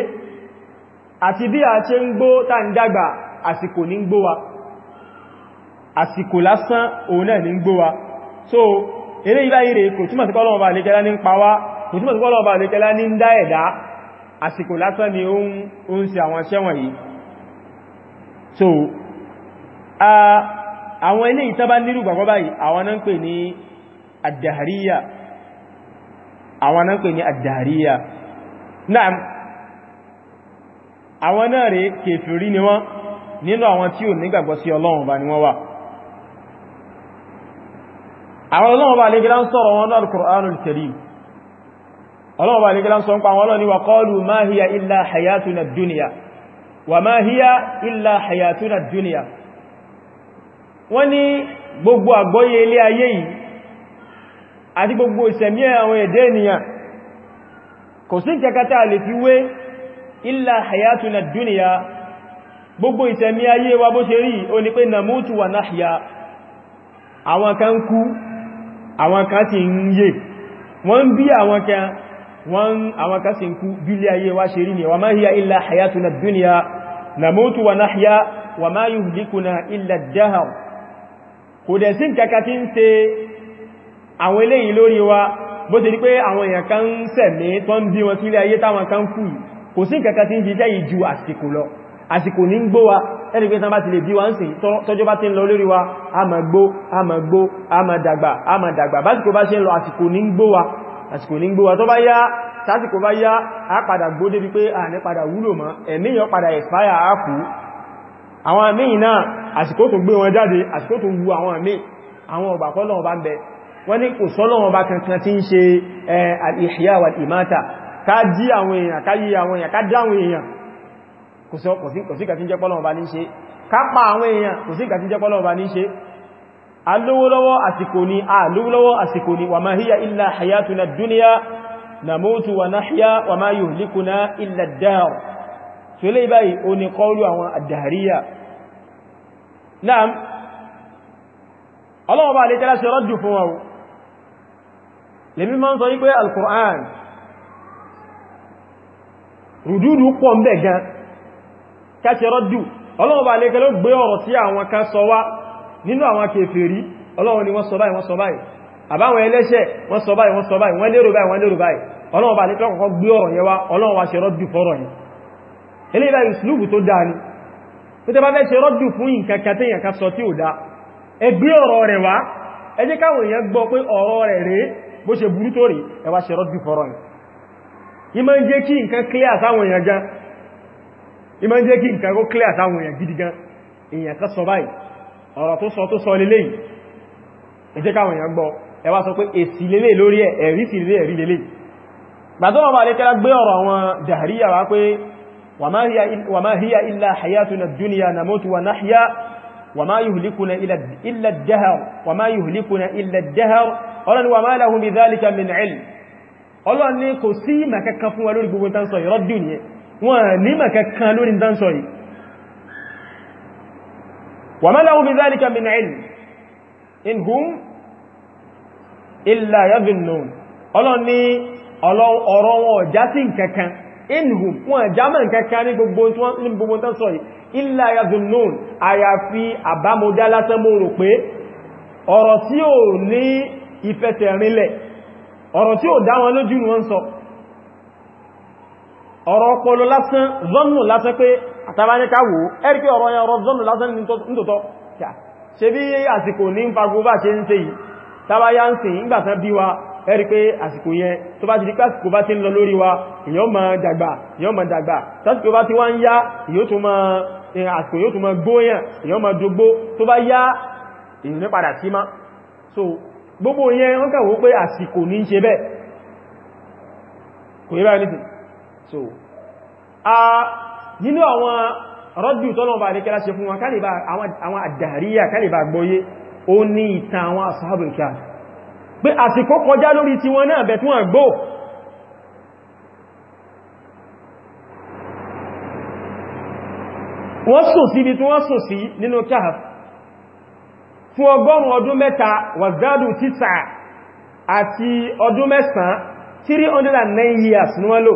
àti bí a ṣe ń gbó tá ń dàgbà àsìkò ní gbó àsìkò lásán òun náà ní gbó so eré ibá ire kò túnmọ̀ sí kọ́lọ́wọ́ bá lékẹ́lá ní ń pa wá kò túnmọ̀ sí kọ́lọ́wọ́ bá ní ń dá ẹ̀dá àsìkò lásán ni ó ń ṣe àwọn iṣẹ́ wọ̀nyí so àwọn ilé ìtàbá nírù gbàgbọ́ báyìí àwọn náà ń pè ní àdàríyà àwọn náà ń pè kèfèrí ni wọ́n nínú àwọn tí ò nígbàgbọ́ sí Ọlọ́run bá ni wọ́n wà àwọn ọlọ́ọ̀bá alẹ́gẹ́lá ń sọ̀rọ̀ wọn náà Qur'anul Karim ọlọ́ọ̀bá alẹ́gẹ́lá ń sọ ń pa wọn lọ́ni wa qalu ma hiya illa hayatuna dunya wa ma hiya illa hayatuna dunya wọ́n ní gbogbo àgbọ́yé ilé ayé yìí àti gbogbo ìṣẹ̀mí àwọn ẹ̀dẹ́ ènìyàn kò sí kẹkẹta àwọn kan kú àwọn kan ti ń yè wọ́n bí àwọn kan wọ́n àwọn kan sì ń kú bílé ayé wá ṣe rí ni wa ma hiya illa hayatuna dunya namutu wa nahya wa ma yuhlikuna illa ad-dahr kò dẹ̀ sí kaka tí ń ṣe àwọn eléyìí lórí wa bó ti rí pé àwọn èèyàn kan ń ẹni pé tán bá ti lè bí wa ń sìn tọ́jọ́ bá ti ń lọ lórí wa a máa gbó a máa gbó a máa dàgbà a máa dàgbà básìkò bá ṣe ń lọ àsìkò ní gbó wa àsìkò ní gbó wa tó bá yá tásìkò bá yá a padà gbó débi pé a ní padà wúlò mọ́ ẹ̀míyàn padà expire a kú àwọn àmì náà àsìkò tó gbé wọn jáde àsìkò tó wu àwọn àmì àwọn ọ̀gbà kọ́lọ̀wọ̀n bá ń bẹ wọ́n ní kò sọ́lọ̀wọ̀n bá kankan tí ń ṣe eh, al-ihya wal ká jí àwọn èèyàn ká yí àwọn èèyàn ká dá àwọn èèyàn kò sí kàtí jẹ́ pọ́lọ̀ ọba ní ṣe kápa àwọn èèyàn kò sí kàtí jẹ́ pọ́lọ̀ ọba ní ṣe alówólọ́wọ́ àsìkò ni alówólọ́wọ́ àsìkò ni wa ma hiya illa hayatuna dunya namutu wa nahya wa lè tẹ́lá sí rọ́jù fún wọn lèmi máa ń sọ wípé al rùdúdú pọ̀ ń bẹ̀ gan káṣẹ rọ́dù ọlọ́run bá lékẹ́ ló gbé ọ̀rọ̀ sí àwọn kan sọ wá nínú àwọn kèfèrí ọlọ́run ni wọ́n sọ báyìí wọ́n sọ báyìí àbáwọn ẹlẹ́ṣẹ̀ wọ́n sọ báyìí wọ́n sọ báyìí wọ́n lérò báyìí wọ́n lérò báyìí ọlọ́run bá lékẹ́ kọ́kọ́ gbé ọ̀rọ̀ yẹn wá ọlọ́run wá ṣe rọ́dù fọ́rọ̀ yẹn eléyìí báyìí ìsìlúùbù ìmọ̀ jẹ́ kí nǹkan kó clear táwọn èèyàn gidi gan èèyàn kan sọ báyìí ọ̀rọ̀ tó sọ tó sọ lélẹ̀ ẹ jẹ́ káwọn èèyàn gbọ́ ẹ wá sọ pé èsì lélẹ̀ lórí ẹ̀ ẹ̀rí sì lélẹ̀ ẹ̀rí lélẹ̀ gbàtọ́wọ́ bá lè kẹ́lá gbé ọ̀rọ̀ àwọn dàríyà wá pé wa ma hiya illa hayatuna dunya namutu wa nahya wa ma yuhlikuna illa ad-dahr ọlọ́ni kò sí ìmọ̀ fún wa lórí gbogbo tán sọ ìrọ́dùn yẹn wọn nímọ̀ kankan lórí dán sọ yìí wa ma lahu bi dhalika min ilm in hum illa yadhunnun ọlọ́n ní ọ̀rọ̀ wọn ọ̀já sí kankan in hum wọn jámọ̀ kankan ní gbogbo dán sọ yìí illa ọ̀rọ̀ ọpọlọ lásán zọ́nù lásán pé àtàbáníkàwò ẹ́rìkẹ́ ọ̀rọ̀ yẹn ọ̀rọ̀ zọ́nù lásán nítòtọ́ ṣe bí àsìkò ní ń fagbó bá ṣe ń ṣe yìí tàbáyá ń sìn ìgbàtán bí wa ẹ́rìkẹ́ àsìkò yẹn tó bá ti di pásìkò bá ti ń lọ lórí wa èyàn ma dàgbà èyàn ma dàgbà tásìkò bá ti wá ń so gbogbo yẹn wọ́n kàwó pé àsìkò ní kò yẹ báyìí nìsìn so a nínú àwọn rọ́dù tọ́lọ̀bà àríkẹ́lá ṣe fún wọn kálìbà àwọn àdàríyà kálìbà gbọ́yé ó ní ìtàn àwọn ashabul kahf pé àsìkò kọjá lórí ti wọn náà bẹ̀tún àgbò wọ́n sùn sí ibi tí wọ́n sùn sí nínú kahf fún ọgọ́rùn ọdún mẹ́ta wàzádù títà àti ọdún mẹ́sàn 309 years ní wọ́n lò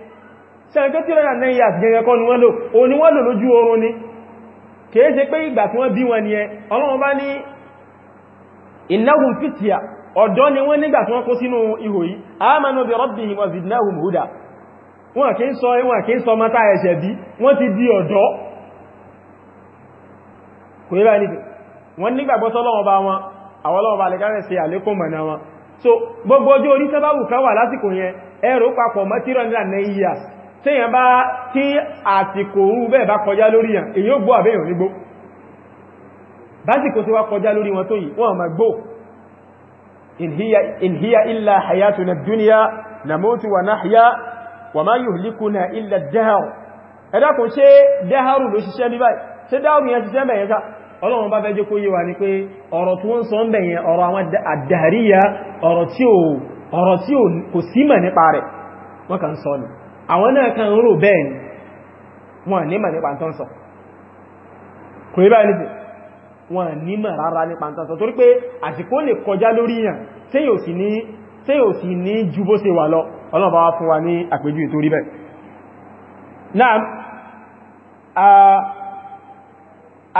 sẹ́rẹ̀kẹ́ ni wọ́n lò o ni wọ́n lò lójú oorun ni kìí ṣe pé ìgbà tí wọ́n bí wọn ni ẹ ọlọ́run bá ní innahum fitya ọ̀dọ́ ni wọ́n nígbà tí wọ́n kó sínú ihò yìí amanu bi rabbihim wa zidnahum huda wọn kì í sọ wọn kì í sọ mọ́ta ẹ̀ṣẹ̀ bí wọ́n ti di ọ̀dọ́ kò yíra ní so gbogbo ojú orí sábàbù kan wà lásìkò yẹn ẹ̀rọ papọ̀ tíyàn bá tí àsìkò orú bẹ́ẹ̀ bá kọjá lórí yàn èyí ó gbọ́ àbẹ́yàn nígbó básìkò tí wá kọjá lórí wọn tó yìí wọ́n ma gbó in hiya illa hayatuna duniya namutu wa nahya wa ma yuhlikuna illa dahr ẹ̀dàkùn ṣe dáhàrù ló ṣiṣẹ́ bí báyìí ṣe dáhàrù yẹn ṣiṣẹ́ bẹ̀yẹn sá ọlọ́run bá fẹ́ jẹ́ kó ni àwọn náà kan rò bẹ́ẹ̀ ni wọ́n nímọ̀ nípa tó ń sọ kò rí báyìí nìtì wọ́n nímọ̀ rárá nípa tó ń sọ torí pé àsìkò lè kọjá lórí yàn tí yóò sì ní ju bó ṣe wà lọ ọlọ́ọ̀bá wá fún wa ní àpèjú ètò rí bẹ́ẹ̀ náà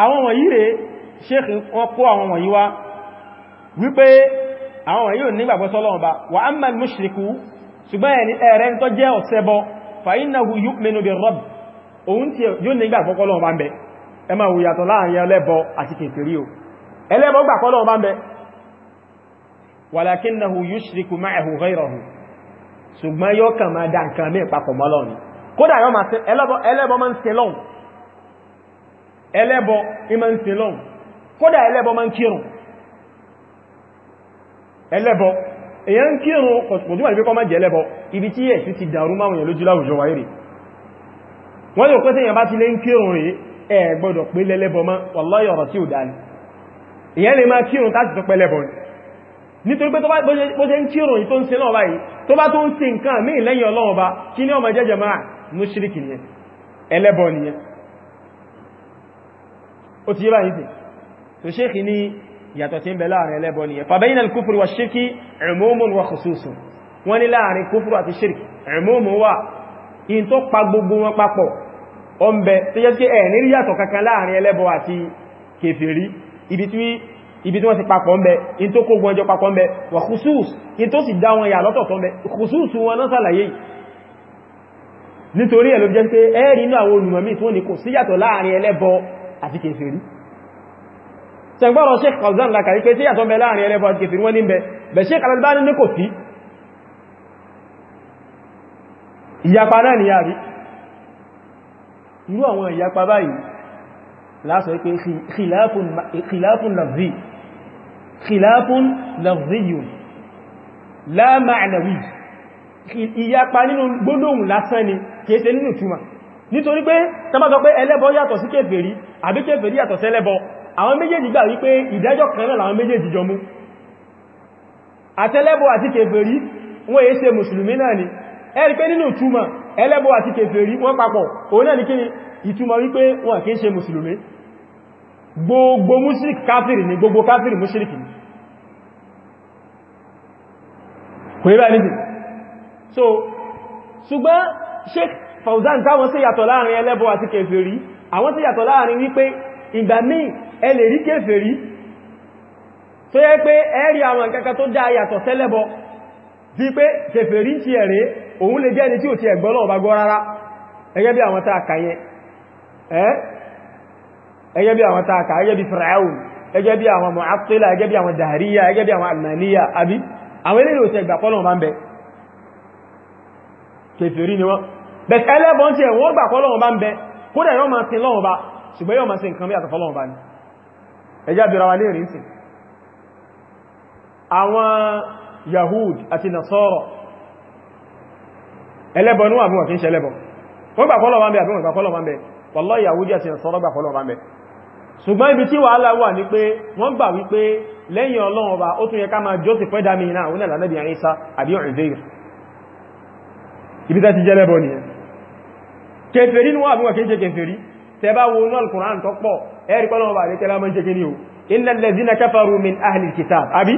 àwọn wọ̀nyí rẹ̀ ṣéèkì wọ́n kó àwọn wọ̀nyí wá wípé àwọn wọ̀nyí ò nígbàgbọ́ sọ́lọ́ọ̀bá wa amma al-mushriku ṣùgbọ́n ẹni ẹ̀rẹ́ tó jẹ́ ọ̀sẹ́bọ fàínàwó yóò mẹ́nu bí rọ́b òun tí yóò nígbà pọ́pọ́lọ́ bá ń bẹ ẹ máa wùyàtọ̀ láàrin ẹlẹ́bọ àti kèfèrí o ẹlẹ́bọ gbà pọ́lọ́ bá ń bẹ wàlákínàwó yushriku ma'ahu kódà yóò máa ń sin lọ́hùn ẹlẹ́bọ èyàn ń kírun kọ̀tùmọ̀túnmà ìfẹ́ kọ́ má jẹ́ lẹ́bọ̀ ibi tí ẹ̀ sí ti dàrú máwọn èèyàn lójú láwùjọ wáyé rẹ̀ wọ́n lè pẹ́ tẹ́yàn bá ti lé ń kírun rẹ̀ ẹ̀ gbọ́dọ̀ pé lẹ́lẹ́bọ̀ mọ́ wallahi ọ̀rọ̀ tí ò dá ní èyàn lè máa kírun láti tó pẹ́ lẹ́bọ̀ nítorí pé bó ṣe ń kírun yìí tó ń ṣe náà báyìí tó bá tó ń ṣe nǹkan míì lẹ́yìn Ọlọ́run bá kí ní ọmọ jẹ́jẹ̀ máa múṣíríkì nìyẹn ẹlẹ́bọ̀ nìyẹn ó ti yé báyìí sí tó ṣéèkì ní yàtọ̀ tí ń bẹ láàrin ẹlẹ́bọ nìyẹn fàbẹ́yìnà kúfùrù wa ṣírkì ẹ̀mọ́mùn wa kùsùsùn wọ́n ní láàrin kúfùrù àti ṣírkì ẹ̀mọ́mùn wa in tó pa gbogbo wọn papọ̀ ọmọbẹ tó yẹ́ sí ẹ̀ẹ̀ní rí yàtọ̀ kankan láàrin ẹlẹ́bọ àti kèfèrí ibi tí wọ́n ti papọ̀ ọmọbẹ in tó kó gbọ́njọ papọ̀ ọmọbẹ wà kùsùs in tó sì dá wọn yà lọ́tọ̀ tọ́mọbẹ kùsùs wọn náà sàlàyé nítorí ẹ̀ ló jẹ́ pé ẹ̀ẹ́rí inú àwọn olùmọ̀mí tí ní kò síyàtọ̀ láàrin ẹlẹ́bọ àti kèfèrí tẹgbọ́rọ̀ sheik fauzan lakari pé tí yàtọ̀ bẹ láàrin ẹlẹ́bọ̀ àti kèfèrí wọ́n ní bẹ bẹ̀ sheik alalbani ní kò sí ìyapa náà ni yàrí irú àwọn ìyapa báyìí lásọ̀ pé khilafun lafzi khilafun lafzi yun la ma'nawi ìyapa nínú gbólóhùn lásán ni kéèsẹ nínú túmọ̀ nítorí pé tàbátọ̀ pé ẹlẹ́bọ̀ yàtọ̀ sí kèfèrí àbí kèfèrí yàtọ̀ sẹ́lẹ́bọ̀ àwọn méjèèjì gbà wípé ìdájọ́ kan náà làwọn méjèèjì jọ mú àtẹlẹ́bọ àti kèfèrí wọ́n èé ṣe mùsùlùmí náà ni ẹ̀rí pé nínú ìtumọ̀ ẹlẹ́bọ àti kèfèrí wọ́n papọ̀ òun náà ni kí ni ìtumọ̀ ni gbogbo káfìrì mushrik ni kò yí bá sí so ṣùgbọ́n Sheikh Fawzan táwọn sí yàtọ̀ láàrin ẹlẹ́bọ àti kèfèrí àwọn sí yàtọ̀ láàrin wípé ìgbà míì ẹ lè rí kèfèrí tó yẹ pé ẹ rí àwọn kankan tó dá yàtọ̀ sẹ́lẹ́bọ bí pé kèfèrí ti ẹ̀rẹ́ òun lè jẹ́ ẹni tí ò ti ẹ̀gbọ́ náà bá gbọ́ rárá ẹgẹ́ bí àwọn tààkà yẹn ẹgẹ́ bí àwọn tààkà ẹgẹ́ bí Fir'aun ẹgẹ́ bí àwọn Mu'attila ẹgẹ́ bí àwọn Dahriya ẹgẹ́ bí àwọn Ananiya àbí àwọn eléyìí ò ti ṣùgbọ́n yọ́ ma sin nǹkan bí àtọ̀fọ́lọ́wọ́ bá ni ẹjá bèèrè wa léèrè sí àwọn Yahud àti Nasara ẹlẹ́bọ ní àbúwà kí ń ṣe ẹlẹ́bọ wọ́n gbà kọ́lọ̀ wọ́n bẹ̀ àbúwà gbà kọ́lọ̀ wọ́n bẹ̀ wallahi Yahudi àti Nasara gbà kọ́lọ̀ wọ́n bẹ̀ ṣùgbọ́n ibi tí wàhálà wà ní pé wọ́n gbà wípé lẹ́yìn Ọlọ́run ọba ó tún yẹ ká máa jọ́sìn fẹ́ dámi náà wọ́n lẹ́lá àrísá àbí Uzair ibi tẹ́tí jẹ́lẹ́bọ nìyẹn kèfèrí ní wọ́n àbúwà kí ń ṣe kèfèrí tẹ́ wo náà Al-Qur'an ẹ̀rí pọ́lọ́wọ́ bá àríkẹ́lá mọ́ ṣe kíní o innal ladhina kafaru min ahlil kitab àbí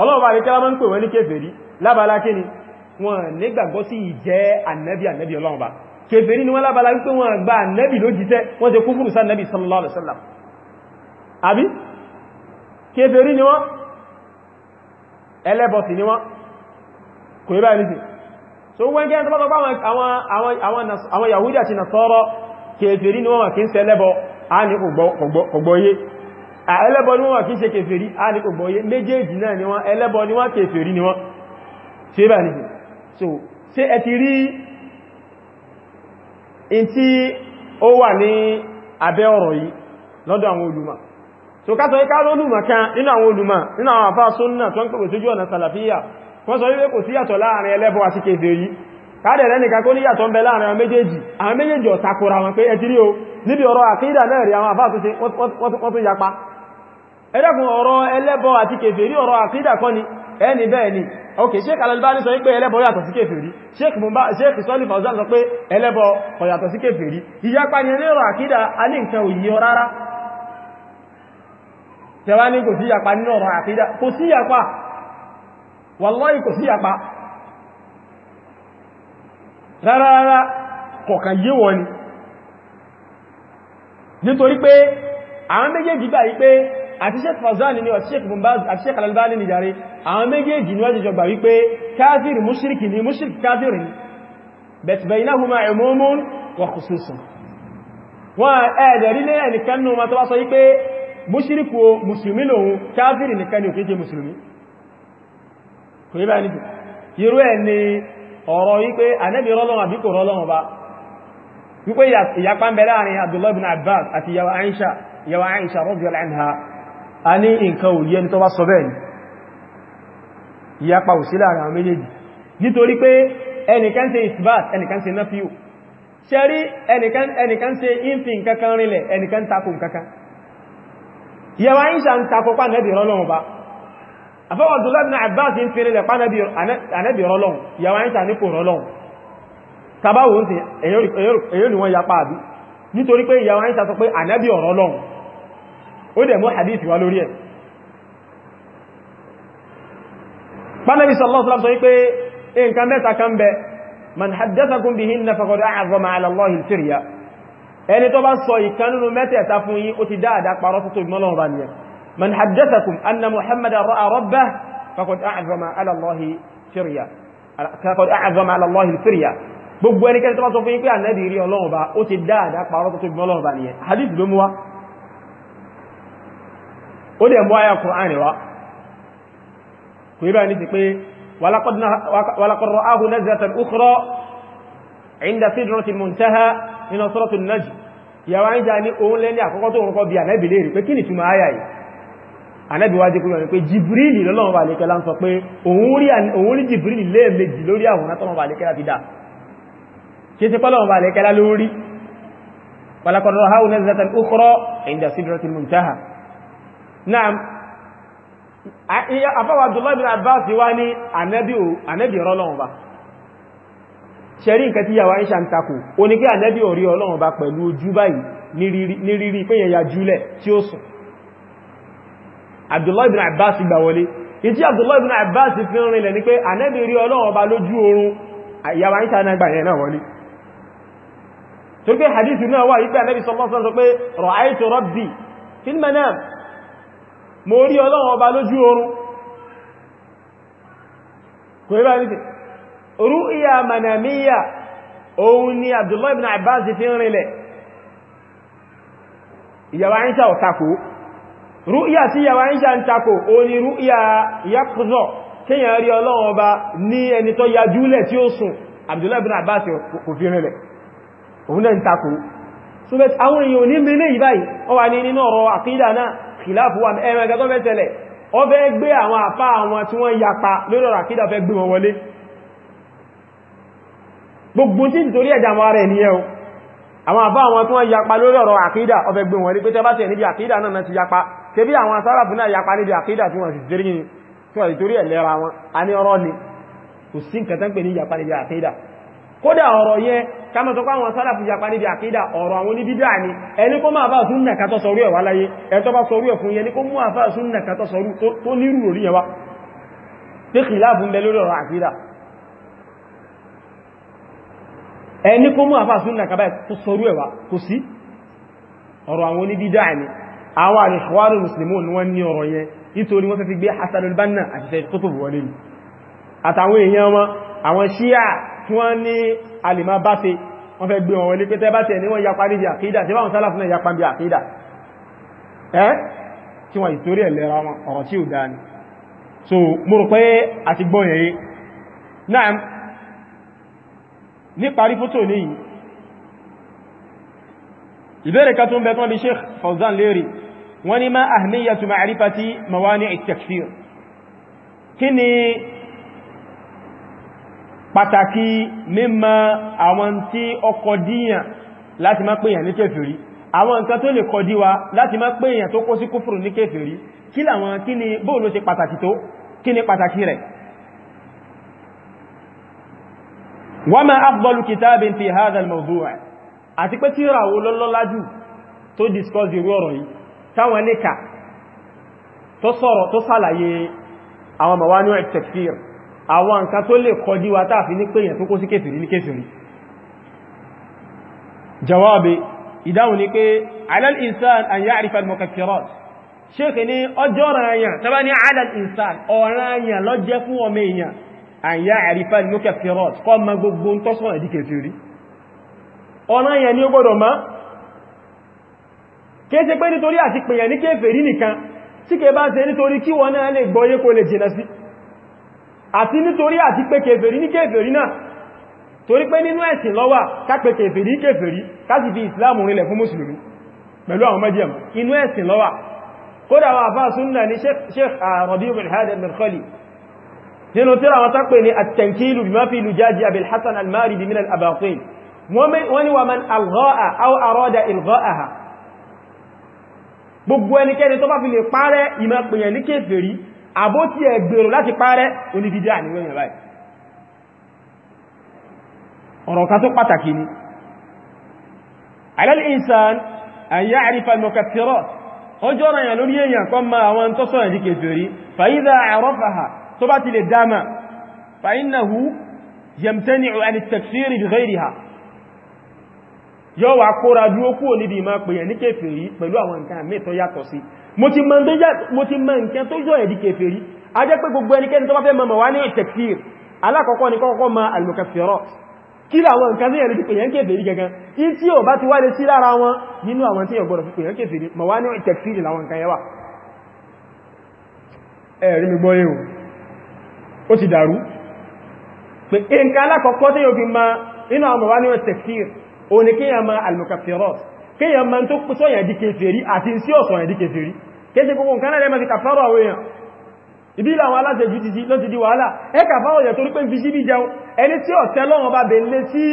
ọlọ́wọ́ bá àríkẹ́lá mọ́ ń pè wọ́n ní kèfèrí lábala kíní wọn nígbàgbọ́ sí ìjẹ́ ànẹ́bí ànẹ́bí ọlọ́wọ́ bá kèfèrí ni wọ́n lábala wípé wọn gba ànẹ́bí ló jíṣẹ́ wọ́n ṣe kúfùrù sá ànẹ́bí sallallahu alaihi wasallam àbí kèfèrí ni wọ́n ẹlẹ́bọ̀sì ni wọ́n kò yí báyìí nìsìn so wọ́n gẹ́ àwọn Yahudi kí ń ṣẹlẹ́bọ̀ a ní kò gbọ́yé ẹlẹ́bọ ni wọ́n wà kí ṣe kèfèrí a ní kò gbọ́yé méjèèjì náà ni wọ́n ẹlẹ́bọ ni wọ́n kèfèrí ni wọ́n ṣe bá ní so ṣe ẹ ti rí in tí ó wà ní abẹ́ ọ̀rọ̀ yìí lọ́dọ̀ àwọn olùmọ̀ so ká sọ iká lólùmọ̀ kan nínú àwọn olùmọ̀ nínú àwọn àfáà sónà tó ń pẹ̀lú sójú ọ̀nà sàlàfíyà wọ́n sọ wípé kò síyàtọ̀ káàdẹ̀rẹ́ nìkan kó níyàtọ̀ ń bẹ láàrin àwọn méjèèjì àwọn méjèèjì ọ̀takora wọn pé ẹtìrí o níbi ọ̀rọ̀ àkídà náà rí àwọn àfáà tó ṣe wọ́n tún yapa ẹ̀dẹ́kùn ọ̀rọ̀ ẹlẹ́bọ àti kèfèrí ọ̀rọ̀ àkídà kọ́ ni ẹni ni ok sheik alalbani sọ pé ẹlẹ́bọ yàtọ̀ ni rárá rárá kọ̀kan yé wọ ni nítorí pé àwọn méjèèjì gbà wípé àti Sheikh Fawzan ni àti Sheikh Bin Baz àti Sheikh Al-Albani ni jàre àwọn méjèèjì ni wọ́n jẹjọ gbà wípé káfíìrì múṣíríkì ni múṣíríkì káfíìrì ni bet bainahuma umumun wa khususun wọ́n ọ̀rọ̀ wípé anẹ́bì rọ́lọ́run àbí kò rọ́lọ́run bá wípé ìyapa ń bẹ láàrin Abdullah ibn Abbas àti yawa Aisha yawa Aisha radiyallahu anha a ní nǹkan ò yẹni tó bá sọ bẹ́ẹ̀ ni ìyapa ò sí láàrin àwọn méjèèjì nítorí pé ẹnìkan ṣe isbat ẹnìkan ṣe nafiu ṣẹ́rí ẹnìkan ṣe infi nǹkankan àfọwọ́ tó lábìnà àbáàsì ń fèrè lẹ̀pá ànẹ́bì rọlọ́un yàwó àyíta ní kò rọlọ́un tàbáwò sí èyí ni wọ́n yapa àbí nítorí pé yàwó àyíta sọ pé ànẹ́bì rọlọ́un ó dẹ̀ mú hadithi wá lórí ẹ̀ pánẹ́bì sallallahu alaihi wasallam من حدثكم أن محمدا رأى ربه فقد أعظم على الله فريا فقد أعظم على الله الفريا gbogbo ẹnikẹ́ni tó bá sọ fún yín pé ànẹ́bì rí ọlọ́run bá ó ti dáadáa pàrọ́ tó tóbi ọlọ́run bá nìyẹn hadith ló mú wá ó dẹ̀ mú ayá Kùránì wá kò yí báyìí ti pé walaqad ra'ahu nazlatan ukhra 'inda sidratil muntaha nínú suratul najm ìyàwó àìjà ní òun lẹ́ni àkọ́kọ́ tó ń kọ́ bí ànẹ́bì léèrè pé kí ni túmọ̀ ayá yìí ànábì wá jẹ́ pé Jibril lọ́lọ́run bá lékẹ́ láń sọ pé òun rí Jibril léèmejì lórí àwòrán tọ́lọ́run bá lékẹ́ láti dá kí sí pọ́lọ́run bá lékẹ́ lá lórí pàlàkọ̀rọ̀ hau nazatan ukhra inda sidratil muntaha naam afọ́wà Abdullahi bin Abbas wá ní ànábì rọ́lọ́run bá ṣẹ̀rí nǹkan tí yàwá ń ṣàǹtakò o ní pé ànábì orí ọlọ́run bá pẹ̀lú rírí pé yẹn yà júlẹ̀ tí ó sùn Abdullahi ibn Abbas gbà wọlé ìtí Abdullahi ibn Abbas fi ń rinlẹ̀ ní pé Ànábì rí Ọlọ́run ọba lójú oorun ìyàwó àyíká náà gbà yẹn náà wọlé tó pé hadithu náà wà wípé Ànábì sọmọ́sán sọ pé ra'aytu rabbi fil manam mo rí Ọlọ́run ọba lójú oorun kò rí bá ní sí ìyàwó àyíká ọ̀tàkó rúíyà tí yàwó àìṣà ń takò o ni rúíyà yàkùzọ̀ kíyàn rí ọlọ́run ọba ní ẹni tó ya júlẹ̀ tí ó sùn Abdullahi bin Abbas kò fi rinlẹ̀ òun náà ń takò so bẹ́t àwọn èèyàn ní mílé ìbáyìí ọ wà ní nínú ọ̀rọ̀ àkídà náà kìláàfù wà ẹ̀rẹ̀ gẹ́gọ́ mẹ́tẹ̀lẹ̀ ọ fẹ́ gbé àwọn àfá gbogbo tí nítorí ẹ̀dàmọ́ ara ẹ̀niyẹ́ àwọn àbá àwọn tí wọ́n yapa lórí ọ̀rọ̀ àkídà ọfẹ́ gbé wọn ní pé tẹ́bá tẹ̀ níbi àkídà náà ti yapa tẹ́bí àwọn sáràfù náà yapa níbi àkídà tí wọ́n sì jẹ́rí ní tí wọ́n ìtorí ẹ̀lẹ́ra wọn a ní ọ̀rọ̀ ni kò sí nǹkan tán pè ní yapa níbi àkídà kódà ọ̀rọ̀ yẹn kama sọ pé àwọn sáràfù ni ẹni kó máa bá súnnà ká tọ́ sọrú ẹ̀ wá láyé ẹ tó bá sọrú ẹ̀ fún yẹn ni kó mú àfáà súnnà ká tọ́ sọrú tó nírú lórí yẹn wá pé kìláàfù ń bẹ ẹni kó mú àfáà súnnà kàbáyé kó sọrú ẹ̀wà kò sí ọ̀rọ̀ àwọn oníbídá ni àwọn àríṣwárù musulmù ni wọ́n ní ọ̀rọ̀ yẹn nítorí wọ́n fẹ́ fi gbé Hasan al-Banna àti Sayyid Qutb wọlé ni àtàwọn èèyàn wọn àwọn ṣíyà tí wọ́n ní alìmá bá fi ní parí fótó ní yìí ìbẹ̀rẹ̀ ká tún bẹ̀tún bí Sheikh Fawzan lérí wọ́n ni ma ahmiyatu ma'rifati mawani'i takfir kí ni pàtàkì mímọ̀ àwọn tí ó kọdíyàn láti má pèèyàn ní kèfèrí àwọn nǹkan tó lè kọdíwa láti má pèèyàn tó kó sí kúfùrù ní kèfèrí kí làwọn kí ni bóòlò ṣe pàtàkì tó kí ni pàtàkì rẹ̀ وما أفضل كتاب في هذا الموضوع àti pé tírà wo lọ́lọ́lá jù tó discuss irú ọ̀rọ̀ yìí táwọn níkà tó sọ̀rọ̀ tó sàlàyé àwọn mawani al-takfir àwọn nǹkan tó lè kọjí wa táàfi ní pé èyàn tó kó sí kéfìrí ní kéfìrí jawabi ìdáhùn ni pé ala an ya'rifa al-mukaffirat ṣe kì ní ọjọ́ ọ̀rọ̀ àyà àrífà ní lókè fẹ́rọ̀t kọ́ ma gbogbo ń tọ́sọ̀nà ìdíkẹ̀ fi rí ọ̀nà yẹn ni ó gbọ́dọ̀ má kéèsẹ pé nítorí àti pèyàn ní kéèfèrí nìkan tí kẹ bá ṣe nítorí kí wọ́n náà lè gbọ́yé kó lè jìnà sí àti nítorí àti pé kéèfèrí ní kéèfèrí náà torí pé nínú ẹ̀sìn lọ́wà kápẹ kéèfèrí kéèfèrí káti fi ìsìláàmù rinlẹ̀ fún mùsùlùmí pẹ̀lú àwọn mẹ́jẹ̀m inú ẹ̀sìn lọ́wà kódà àfáà súnnà ní sheikh rọ̀dí nínú tíra wọn tán pè ní àtẹ̀kílù bí máa fi lù jájí abilhassan almaribi min al'abatin wọ́n ni wà man algha'a aw arada ilgha'aha gbogbo ẹnikẹ́ni tó bá fi lè parẹ́ ìmá pèyàn ní kéfèrí àbó tí ẹ gbèrò láti parẹ́ onídìdí àníwẹ̀yàn báyìí ọ̀rọ̀ kan tó pàtàkì ni ala al-insan an ya'rifa al-mukaffirat ọjọ́ ọ̀rọ̀ èèyàn lórí èèyàn kan ma àwọn tó sọ̀rọ̀ di kéfèrí fa idha 'arafaha tó bá ti lè dáma fa innahu yamtani'u an at-takfiri bi ghayriha yóò wà kóra dúró kúrò níbi ìmá pèèyàn ní kèfèrí pẹ̀lú àwọn nǹkan mẹ́tọ́ yàtọ̀ sí mo ti mọ̀ nǹkan tó yọ ẹ̀dí kèfèrí a jẹ́ pé gbogbo ẹnikẹ́ni tó bá fẹ́ mọ̀ wá ní ìtẹ̀kfíìr alákọ̀ọ́kọ́ ni kọ́kọ́ ma al-mukaffirat kí láwọn nǹkan tí ẹ̀rẹ́ ti pèèyàn kèfèrí gangan in tí ò ẹ̀rí mi gbọ́ yóò ó ti dàrú pé nǹkan alákọ̀ọ́kọ́ tí yóò fi ma inú àwọn wá níwọ̀n tẹ̀fíìr o ní kíyà ma al-mukaffirat kíyà ma tó sọ́yàn di kèfèrí àti sí ọ̀sọ̀yàn di kèfèrí kéṣe gbogbo nǹkan náà lẹ́mọ̀ ti kàfàrọ̀ àwọn èèyàn ibi ìlàwọn alájẹjú ti ló ti di wàhálà ẹ kàfàrọ̀ yẹ̀ torí pé fi sí bí jẹun ẹni tí ọ̀tẹ́ lọ́wọ́ bá bẹ̀ lé sí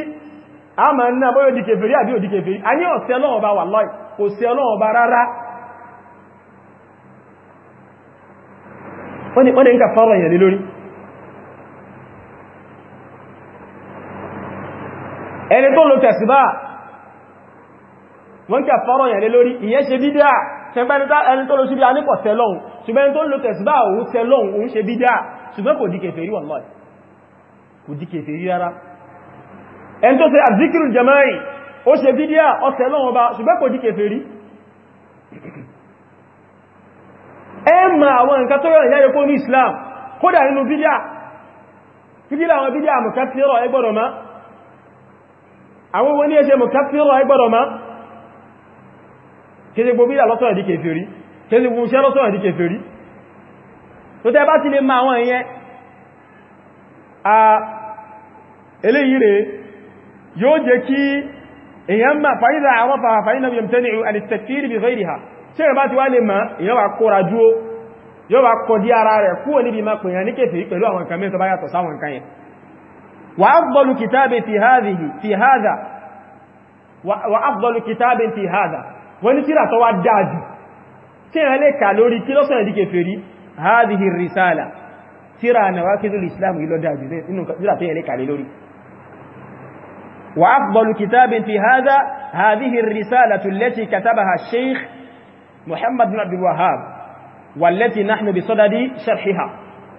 a ma ń náà bóyọ̀ di kèfèrí àbí òdí kèfèrí a ní ọ̀tẹ́ lọ́wọ́ bá wà lọ́ì kò sí ọlọ́wọ́ bá rárá wọ́n ni ń kàfàrọ̀ yẹ̀ lórí ẹni tó lo tẹ̀síbá wọ́n kẹ fọ́rọ̀ yẹn lé lórí ìyẹn ṣe bídá ẹni tó lo ṣíbí anípọ̀ tẹ́lọ́un ṣùgbọ́n ẹni tó lo tẹ̀síbá òun tẹ́lọ́un òun ṣe bídá ṣùgbọ́n kò di kèfèrí wallahi kò di kèfèrí rárá ẹni tó ṣe àzíkìrù jama'i ó ṣe bídá ọtẹ́lọ́un ọba ṣùgbọ́n kò di kèfèrí ẹ ma àwọn nǹkan tó yọ̀nà jáde kó ní Islam kódà nínú bídá bídá àwọn bídá àmùkátírọ̀ ẹgbọ́rọ̀ máa àwọn wọn ní ẹsẹ mọ̀káfíọ́rọ̀ ẹgbọ́dọ̀ máa kéde gbogbo ìdà lọ́sọ̀rọ̀ ìdíkẹ̀ ìfèrí kéde gbogbo iṣẹ́ lọ́sọ̀rọ̀ ìdíkẹ̀ ìfèrí tó tẹ́ bá ti lè máa wọn ìyẹn a eléyìí rẹ̀ yóò jẹ́ kí èyàn máa fàíza àwọn fàfàína bí mtẹ́ni alìtẹ̀fìrì bí fẹ́rì ha tí rẹ̀ bá ti wá lè máa èyàn wà kóra dúó yóò wà kọjí ara rẹ̀ kúrò níbi وأفضل كتاب في هذه في هذا وأفضل كتاب في هذا ونسيرا تواداد تهلك لوري كيلو سنة ديك فري هذه الرسالة ترى نواكد الإسلام إلو داد إنه ترى تهلك لوري وأفضل كتاب في هذا هذه الرسالة التي كتبها الشيخ محمد بن عبد الوهاب والتي نحن بصدد شرحها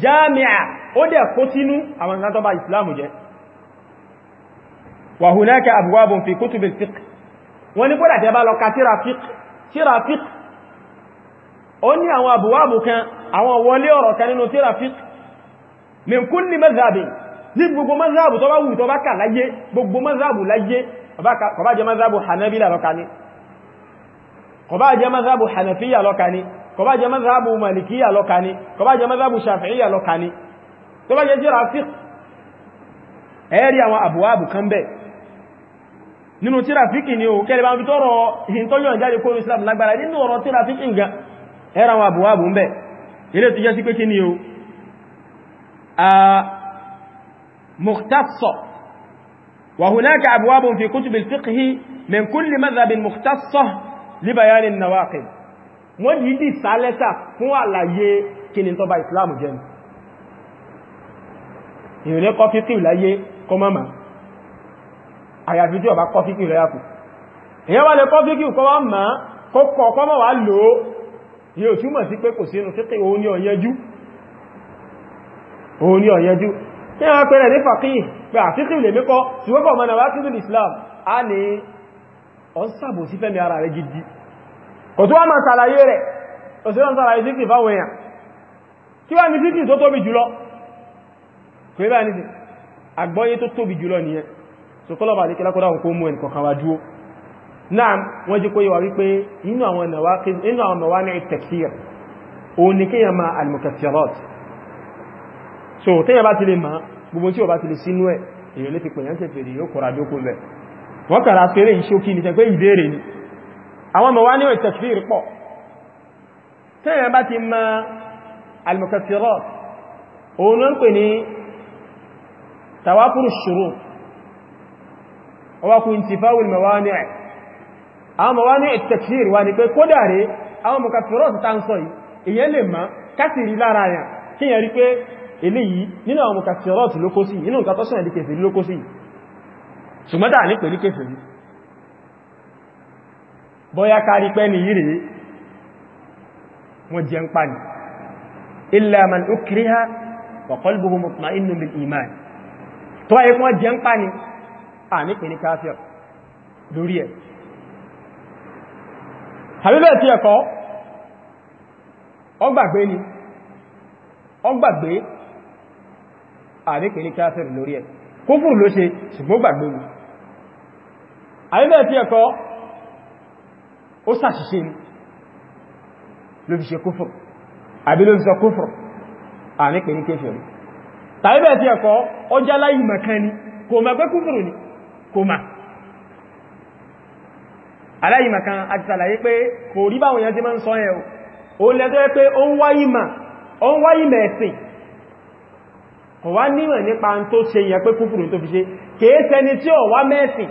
jámíà ó dẹ̀ kó sínú àwọn ìsìnkà tó bá ìsìlámù jẹ́ wa hunaka abwabun fi kutubil fiqh wọ́n ní kódà tẹ́ bá lọ ka tíra fiqh tíra fiqh ó ní àwọn abwabu kan àwọn wọlé ọ̀rọ̀ kan nínú tíra fiqh min kulli mazhabin ní gbogbo mazhabu tó bá wù tó bá kà láyé gbogbo mazhabu láyé kọ̀bá jẹ́ mazhabu hanabila lọ́ka kò bá jẹ́ mazhabu malikiya lọ́ka ni kò bá jẹ́ mazhabu shafi'iya lọ́ka ni tó bá jẹ́ tírà fiqh ẹ̀ẹ́rí àwọn àbúwábù kan bẹ̀ nínú tírà fiqh ni o kẹ́lẹ̀ bá ń fi tọ́rọ ìhìntọ́yọ̀ ìjáde kó islam lágbára nínú ọ̀rọ̀ tírà fiqh ga ẹ̀ẹ́rà àwọn àbúwábù ń bẹ̀ ilé tó jẹ́ sí pé kí wọ́n dìídì sálẹ́sà fún àlàyé kíni tó bá ìsìláàmù jẹ́ ìrìnlẹ́ kọfíkìrì láyé kọmọ́mà àyàfi tí ọba kọfíkìrì lẹ́yàkù èyàn wà lẹ kọfíkìrì kọmọ́ ma kọkọ̀ kọmọ́ wà lò ó yóò túmọ̀ sí pé kò sínú títí òun ní ọ̀yẹ́jú òun ní ọ̀yẹ́jú tí wọ́n pẹ̀rẹ̀ ní fàkíyì pé àfíkìrì lè mẹ́kọ́ ṣùgbọ́n kọmọ́ na wá kí kò tó wá máa sàlàyé rẹ̀ òṣèrán sàlàyé síkì fáwọn èèyàn kí wá ní síkì tó tóbi jùlọ kò ní bá ní sí àgbọ́yé tó tóbi jùlọ nìyẹn so kọ́lọ̀bà ní kílákọ́dá òkú mú ẹnì kọ̀kan wájú náà wọ́n jí kó yíwa wípé inú àwọn mẹ́wàá ní tẹ̀kír òun ni kíyàn máa almukassirat so tẹ́yàn bá ti lè máa gbogbo tí ẹ̀ ní àwọn ọmọ wá ní ọ̀rẹ́ takfir pọ̀ tẹ́yẹ̀ bá ti ma al-mukaffirat òun ló ń pè ní tawafuru shurut ọwá kú intifawu al-mawani' àwọn mawani' takfir wà ní pé kódà rẹ̀ àwọn mukaffirat ta ń sọ yìí èyàn lè ma ṣùgbọ́n dáa ní pẹ̀lú kèfèrí bóyá kárí pẹ́ ni yìí wọ́n jẹ ń pani illa man ukriha wa qalbuhu mutma'innun bil iman tó wáyé wọ́n jẹ ń pani à ní pè ní káfíọ̀ lórí ẹ̀ àbíbẹ̀ tí ẹ̀kọ́ ọgbàgbé ni ọgbàgbé à ní káfíọ̀ lórí ẹ̀ kúfù ló ṣe ṣùgbọ́n gbàgbé àbíbẹ̀ tí ẹ̀kọ́ ó sàṣìṣe ní ló fi ṣe kúfùrù àbí ló fi sọ kúfùrù à ní pè ní kéfèrí tàbí bẹ́ẹ̀ tí ẹ̀kọ́ ó já láyì mọ̀kan ni kò mọ̀ pé kúfùrù ni kò mà aláyì mọ̀kan àti sàlàyé pé kò rí báwọn èèyàn ti máa ń sọ ẹ̀ o lẹ́tọ́ kò wá nímọ̀ nípa tó ṣe yẹn pé kúfùrù tó fi ṣe kèé sẹni tí ó wá mẹ́sìn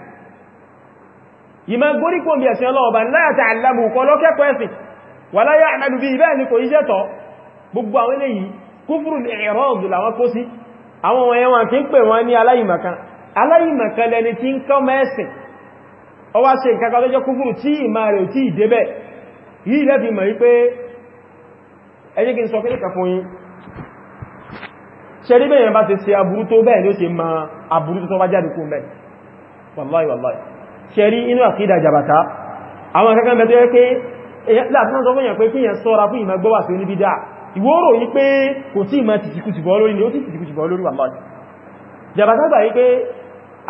ìmá góríkò bí ẹ̀sìn ọlọ́ọ̀bá láyàtà àlámù kọ lọ́kẹ́kọ́ ẹ̀sìn wà láyà àmàlù bí ibẹ́ ní kò iṣẹ́ tọ́ gbogbo àwọn eléyìí kúfùrù ẹ̀rọ ọ̀dùn àwọn kó sí àwọn ọmọ ẹwà kí ń pè wọn ní aláìmọ̀kan aláìmọ̀kan lẹni tí ń kọ́ mẹ́sìn ọ wá ṣe nǹkan kan tó jẹ́ kúfùrù tí ìmá rẹ̀ tí ìdébẹ̀ yìí lẹ́fi mọ̀ ṣẹ̀rí inú àkídà jàbàtá àwọn akẹ́kẹ́ bẹ̀tọ́ yẹ pé eh, láti náà sọ́fún yẹn pé kíyàn sọ́ra fún ìmọ̀ gbọ́wà sí oníbídá ìwòrò yí pé kò tí ìmọ̀ tìtìkùtìbọ̀ lórí ni ó tìtìkùtìbọ̀ lórí wà lọ́dì jàbàtá gbà yí pé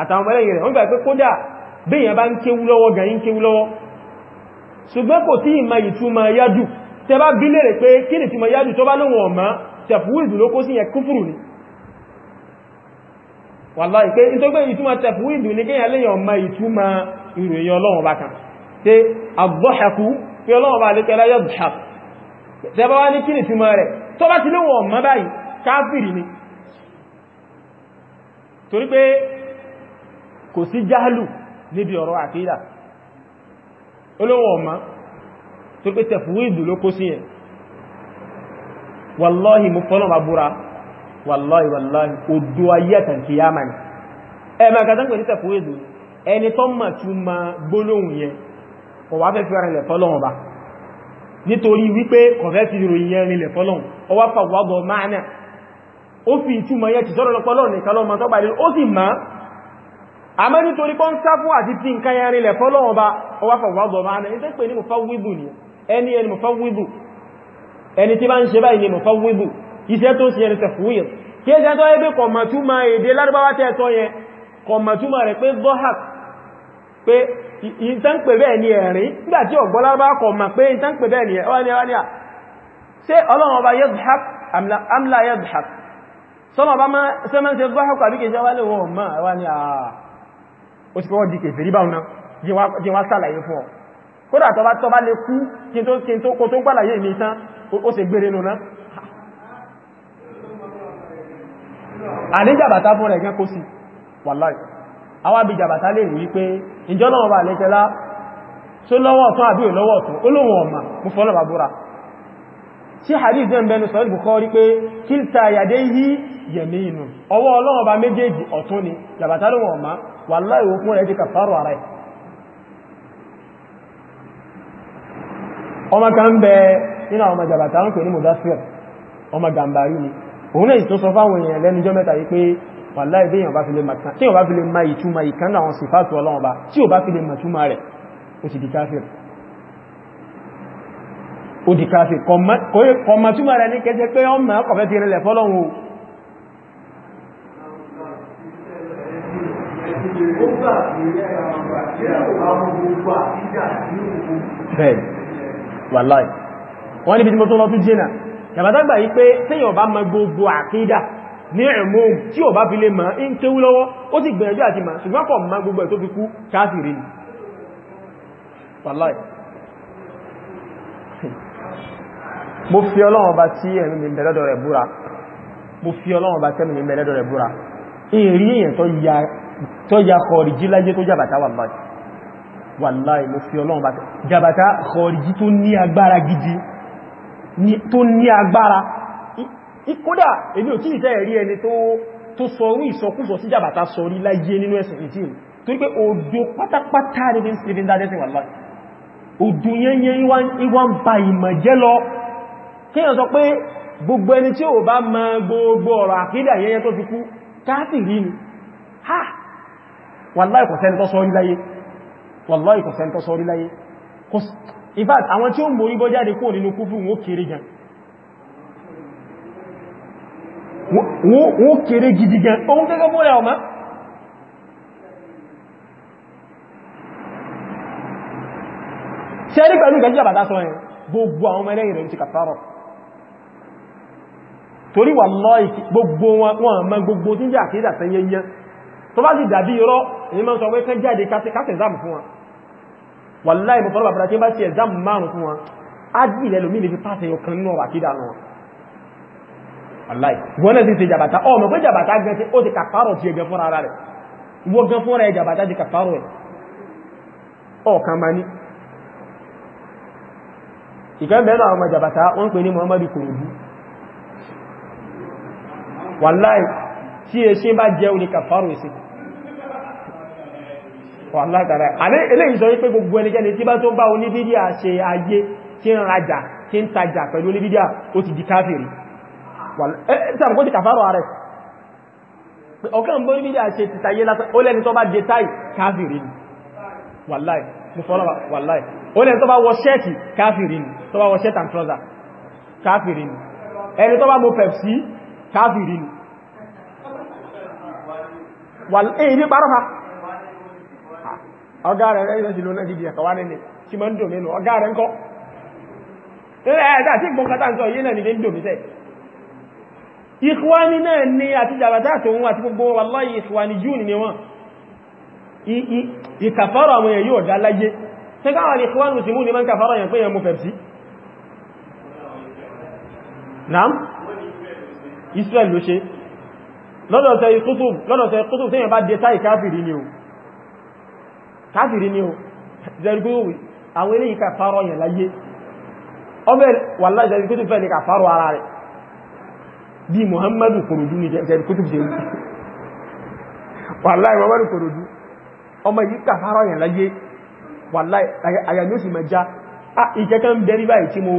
àtàwọn mẹ́lẹ́yìn rẹ̀ wọ́n gbà pé kódà béèyàn bá ń kéwú lọ́wọ́ gan yí ń kéwú lọ́wọ́ ṣùgbọ́n kò tí ìmọ̀ ìtumọ̀ yádù wàláì pé nítorí pé ìtumọ̀ tẹ̀fúwìdù ní kíyàn léyàn ma ìtumọ̀ ìròyìn ọlọ́run bá kan pé àgbọ́hẹ̀kú pé ọlọ́run bá lè kẹlẹ́ yọ́dùhàk tẹbá wá ní kí ní túnmọ̀ rẹ̀ tó bá ti lé wọn mọ́ báyìí káfìrì ni torí pé kò sí jáàlù níbi ọ̀rọ̀ àkídà olówó ọmọ tó pé tẹ̀fúwìdù ló kó sí yẹn wàláhì mú fọ́nà bá búra wàláì wàláì odò ayé ẹ̀tàn kí yá mà ní ẹ̀mà kàtàkùn ní tẹ̀fù èzò ẹni tó mà tún ma gbólóhùn yẹn kò wá fẹ́ fi ara ilẹ̀ fọ́lọ́hùn bá nítorí wípé kọ̀fẹ́ fi ròyìn yẹn ilẹ̀ fọ́lọ́hùn ó wá fà wọ́gọ̀ máàna ó fi ìtumọ̀ yẹn ti sọ́rọ̀ lọ́pọ̀lọ́ nìkan lọ́mọ tó gbàdé ó sì má àmọ́ nítorí pọ́n sáfù àti tí nǹkan yẹn rinlẹ̀ fọ́lọ́hùn bá ó wá fà wọ́gọ̀ máàna ní tẹ́pẹ́ ní mọ̀fá wíbù ni ẹni ẹni mọ̀fá wíbù ẹni tí bá ń ṣe báyìí ni mọ̀fá wíbù iṣẹ́ tó ṣe ẹni tafwid kí ẹjẹ́ tó ẹgbẹ́ kọ̀mọ̀túmà èdè lárúbáwá tẹ́ ẹ̀tọ́ yẹn kọ̀mọ̀túmà rẹ̀ pé dọ́hàk pé ìtànpẹ̀ bẹ́ẹ̀ ni ẹ̀rin nígbàtí ọ̀gbọ́ lárúbáwá kọ̀mọ̀ pé ìtànpẹ̀ bẹ́ẹ̀ ni ẹ̀rin ṣé ọlọ́run ọba yadhhak am la yadhhak sọ́nà ọba sẹ́mẹ́n ṣe dọ́hàk àbí kìí ṣe wálé wọn mọ́ ẹwà ni àà ó ti fọwọ́ di kèfèrí báwọn náà jí wá sàlàyé fún ọ kódà tọba tọba lè kú kí n tó kó tó gbàlàyé mi tán ó sì gbére nù náà àní jàbàtà fún rẹ̀ gẹ́ kó sí wàláì awábi jàbàtà lè rí pé ìjọ náà wà lẹ́tẹ́lá tó lọ́wọ́ ọ̀tún àbí ìlọ́wọ́ ọ̀tún olóhun ọ̀mà mú fọ́lọ̀bà tí hadith náà bẹnu sọ́lì rí pé kílta yàdé yí yẹ̀mí inú ọwọ́ ọlọ́wọ́ bá méjèèjì ọ̀tún ni jàbàtà lóhun ọ̀mà wàláì òkun rẹ̀ ti ara ẹ̀ ọmọ kan òun náà tó sọ fáwọn èèyàn lẹ́nujọ́ mẹ́ta yìí pé wàláì bí èèyàn bá fi lè mà tí ò bá fi lè ma ìtumọ̀ ìkan àwọn sífàtù ọlọ́run bá tí ò bá fi lè mà túmọ̀ rẹ̀ ó ti di káfíìr ó di káfíìr kọmọ túmọ̀ rẹ̀ ní kẹjẹ pé ọ mọ̀ ọkọ̀ fẹ́ ti rẹlẹ̀ fọ́lọ́run o bẹ́ẹ̀ wàláì wọ́n níbi tí mo tó lọ tún jìnà tàbátàgbà yí pé tíyàn bá mọ gbogbo àkídà ní ẹ̀mọ́ tí ò bá fi lè mọ̀ ń kéwú lọ́wọ́ ó sì gbìyànjú àti mọ̀ ṣùgbọ́n kọ̀ mọ̀ gbogbo ẹ̀ tó fi kú káàkiri ni wàláì mo fi ọlọ́wọ́n bá tí ẹ̀mí mi bẹ̀lọ́dọ̀ rẹ̀ búra mo fi ọlọ́wọ́n bá tẹ́mi mi bẹ̀lọ́dọ̀ rẹ̀ tó ní agbára gidi tó ní agbára kódà èmi ò tí ìtẹ́ ẹ̀rí ẹni tó sọ orí ìsọkúsọ sí jàbàtà sọ orí láyé nínú ẹ̀sìn ìtí rẹ̀ torí pé òjò pátápátá rẹ̀ ní steven dadesi wà láì òjò yẹnyẹ ìwà ń ba ìmọ̀ jẹ́ lọ kíyàn sọ pé gbogbo ẹni tí ò bá ma gbogbo ọ̀rọ̀ àkídà yẹnyẹ tó fi kú káàkiri ni ha wà láì kọ̀sẹ́ntọ́ sọ orí láyé in fact àwọn tí ó ń borí bọ́ jáde kúrò nínú kúfù wọ́n kéré gan wọ́n kéré gidi gan ohun gẹ́gẹ́ bó rẹ̀ ọmọ ṣe rí pẹ̀lú gẹ́gẹ́ bàbá sọ ẹ̀ gbogbo àwọn mẹ́lẹ́yìn rẹ̀ ti kàfàrọ̀ torí wà lọ́ gbogbo wọn mọ́ gbogbo tí jẹ́ àkídà sẹ́yẹyẹ tó bá sì dàbí irọ́ èyí mọ́ sọ pé kẹ́ jáde kásẹ̀ záàmù fún wọn wàláì mọ̀fọ́lọ́ bàbára tí ó bá ti exam márùn fún wọn ájì ilẹ̀ lómi lè fi pàṣẹ ọkàn nínú ọ̀rọ̀ àkídà náà wàláì wọ́n náà sì ṣe jàbàtà ọmọ pé jàbàtà gan tí ó ti kàfàrọ̀ ti ẹgbẹ̀ fúnra rẹ̀ wọ́n gan fúnra ẹ jàbàtà ti kàfàrọ̀ ẹ̀ ọ̀kan ma ní ìkan bẹ̀rẹ̀ àwọn jàbàtà wọ́n pè ní Muhammadu Kòròdú wàláì tí ẹ ṣe bá jẹ́ ó ní kàfàrọ̀ ìsìnkú wàlátàrà àmì eléyìí sọ wípé gbogbo ẹnikẹ́ni tí bá tó bá oníbídíà ṣe ayé tí ń rajà tí ń tajà pẹ̀lú oníbídíà ó ti di káfìrí ẹ̀ẹ́sàmùkó ti kàfàrọ̀ ààrẹ ọkàn bó oníbídíà ṣe ti tayé lásán ó lẹ́ni tó bá dé táì káfìrí ni wàláì mo fọ́nà wàláì ó lẹ́ni ọgá rẹ̀ rẹ̀ ìrẹsì lónà dìdì ẹ̀kọ̀wà nínú tí ma ń dò mínú ọgá rẹ̀ ń kọ́ ẹ̀ẹ́dà tí gbọ́nkátà ń sọ yí náà nílé ń dò mí sẹ́ ìkwáni náà ni àti jàbátà tòun àti gbogbo wàláyé ìkwáni júùn ni wọ́n ìkàfàrọ̀ àwọn èèyàn yóò dá láyé tí káwọn lè kwánu sí mú ní máa ń kàfàrọ̀ yẹn pé yẹn mú fẹ̀sí naam Israel ló ṣe lọ́dọ̀ tẹ́ ìkútù tí yẹn bá dé táì ni o káàkiri ní o jẹ́rìgbéwòwì àwọn eléyìí ká fárọ yẹn láyé ọbẹ̀ wàlá jẹ́rìgbétù fẹ́ ní ká fárọ ara rẹ̀ bí Muhammadu kòròdú ní jẹ́rìgbétù jẹ́ wàlá Muhammadu kòròdú ọmọ yìí ká fárọ yẹn láyé wàlá àyà ní ó sì mẹ́ já ah, ìkẹ́kẹ́ bẹ̀rí báyìí tí mo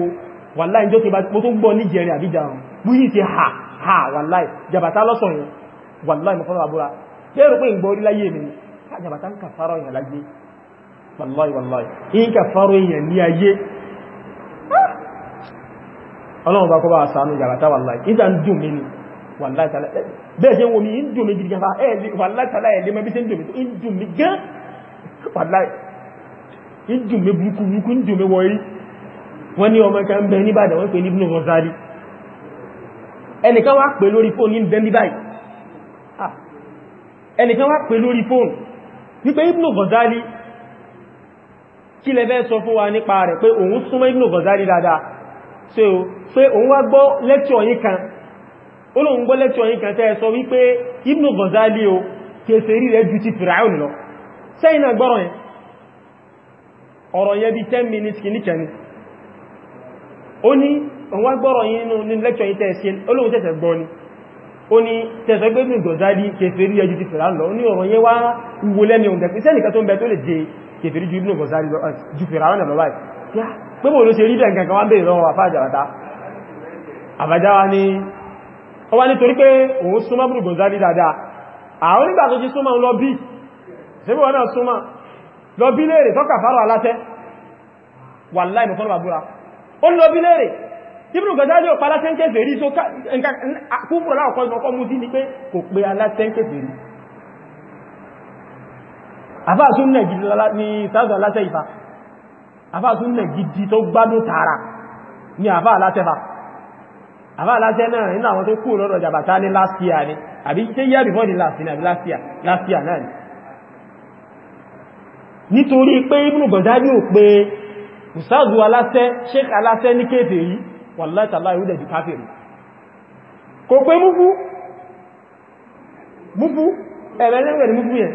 wàlá ìjọ́ tí mo tó gbọ́ ní jẹ́rin àbíjà ọ̀run búyí ti ha ha wàlá jàbàtà lọ́sọ̀ yẹn wàlá ìmọ̀fọ́nà àbúrà jẹ́rù pé ìgbọ́ orílẹ̀-èdè mi àjàbàtà ń kàfàrọ̀ èèyàn láyé wallahi wallahi ń kàfàrọ̀ èèyàn ní ayé ọlọ́run bá kọ́ bá sàánú jàbàtà wallahi ìta ń dùn mí ni wallahi tààlà bẹ́ẹ̀ jẹ́ wọn ni ń dùn mí gidi gan wallahi tààlà ẹ̀ lé mọ́ bí sí ń dùn mí tó ń dùn mí gan wallahi ń dùn mí burúkú burúkú ń ẹnìkan wá pè lórí fóònù ní bẹ́ẹ̀ níbàyìí ah. ẹnìkan wá pè lórí fóònù nípa Ibn Ghazali kí lẹ́fẹ́ sọ fún wa nípa rẹ̀ pé òun súnmọ́ Ibn Ghazali dáadáa so pé òun wá gbọ́ lẹ́kṣọ̀ yìí kan olóhun gbọ́ lẹ́kṣọ̀ yìí kan tẹ́ sọ wípé Ibn Ghazali o kèfèrí rẹ̀ ju ti Fir'aun lọ sẹ́yìn náà gbọ́rọ̀ yẹn ọ̀rọ̀ yẹn bí 10 minutes kì ni ó ní òun wá gbọ́rọ̀ yìí ó ní tẹ́sọ pé ní gọ̀zádí kèfèrí ẹjú ti fìrà lọ ní ọ̀rọ̀ yẹn wá wo lẹ́ni ohun tẹ̀kì sẹ́nìkan tó ń bẹ tó lè jẹ kèfèrí ju ibùn gọ̀zádí eh, ju fìrà lọ́nà lọ́wọ́ yá pé bò ló ṣe rí dẹ̀nkan kan wá bèèrè lọ́wọ́ àfá àjàwátá àbájáwá ní ọ wá nítorí pé òun súnmọ́ bùrù gọ̀zádí ibùdó gàdájì ọ̀pá alátẹ́ńkẹ́fẹ́ rí so púpọ̀ láọ̀kọ́ ìmọ̀kọ́ mú sí ni pé kò pé alátẹ́ńkẹ́fẹ́ rí àfáàsún nẹ̀ gidi ní sáàzọ̀ aláṣẹ́ ìfà àfáàsún nẹ̀ gidi tó gbádùn tààrà ní àfá aláṣẹ́fà àfá aláṣẹ́ náà nínú àwọn tó kúrò lọ́dọ̀ jàbàtà ní last year ni àbí ṣe year before last year last year last year náà nítorí pé ibùdó gàdájì ò pé sáàzọ̀ aláṣẹ́ sheikh aláṣẹ́ ní kéfèé yìí wallahi tallahi yóò dẹ̀dì káfìrì kò pé múfú múfú ẹ̀rẹ̀ lẹ́gbẹ̀ ni múfú yẹn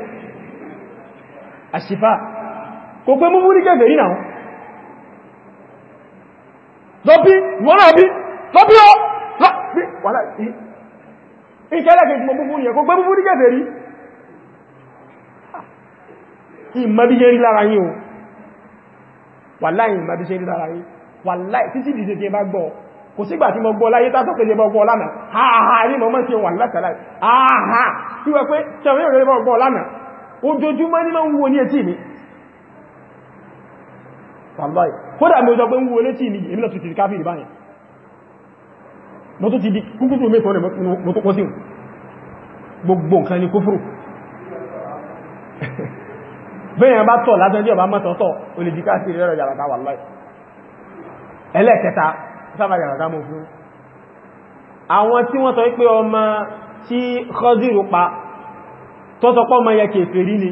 àṣìfà kò pé múfú ní kẹfẹ̀rí náà lọ́bí wọ́n náà bí lọ́bí ọ́ lọ́bí wà láì ìkẹ́lẹ̀kẹ́ ìgbọ̀n múfú yẹn kò pé múfú ní kẹfẹ̀rí wàláì títí dìde tí bá gbọ́ kò sígbà tí mo gbọ́ láyé tátọ́ pé mo gbọ́ lánàá ààrẹ ní mọ́mọ́ tí wà látàláì ààrẹ tí wẹ́ pé tẹ̀wẹ́ ìrẹ́ mọ́ gbọ́ lánàá ojoojúmọ́ ní mọ́ ń wo ní etí mi wàláì kódà mi ò sọ pé ń wo létí mi èmi lọ tìtì káfíì báyìí mo tó ti di kúkúrú mẹ́tọ́ rẹ̀ mo tó kọ́ sí gbogbo nǹkan ni kúfúrú bẹ́yàn bá tọ̀ látọ́jú ọba mọ́tọ̀ tọ̀ olè jí káfíì rẹ̀ rẹ̀ yàrá wàláì ẹlẹ́ẹ̀kẹta sábàdì àràgámọ̀ fún àwọn tí wọ́n sọ wípé ọmọ tí Khadiru pa tó sọ pọ́ ọmọ yẹ kèfèrí ni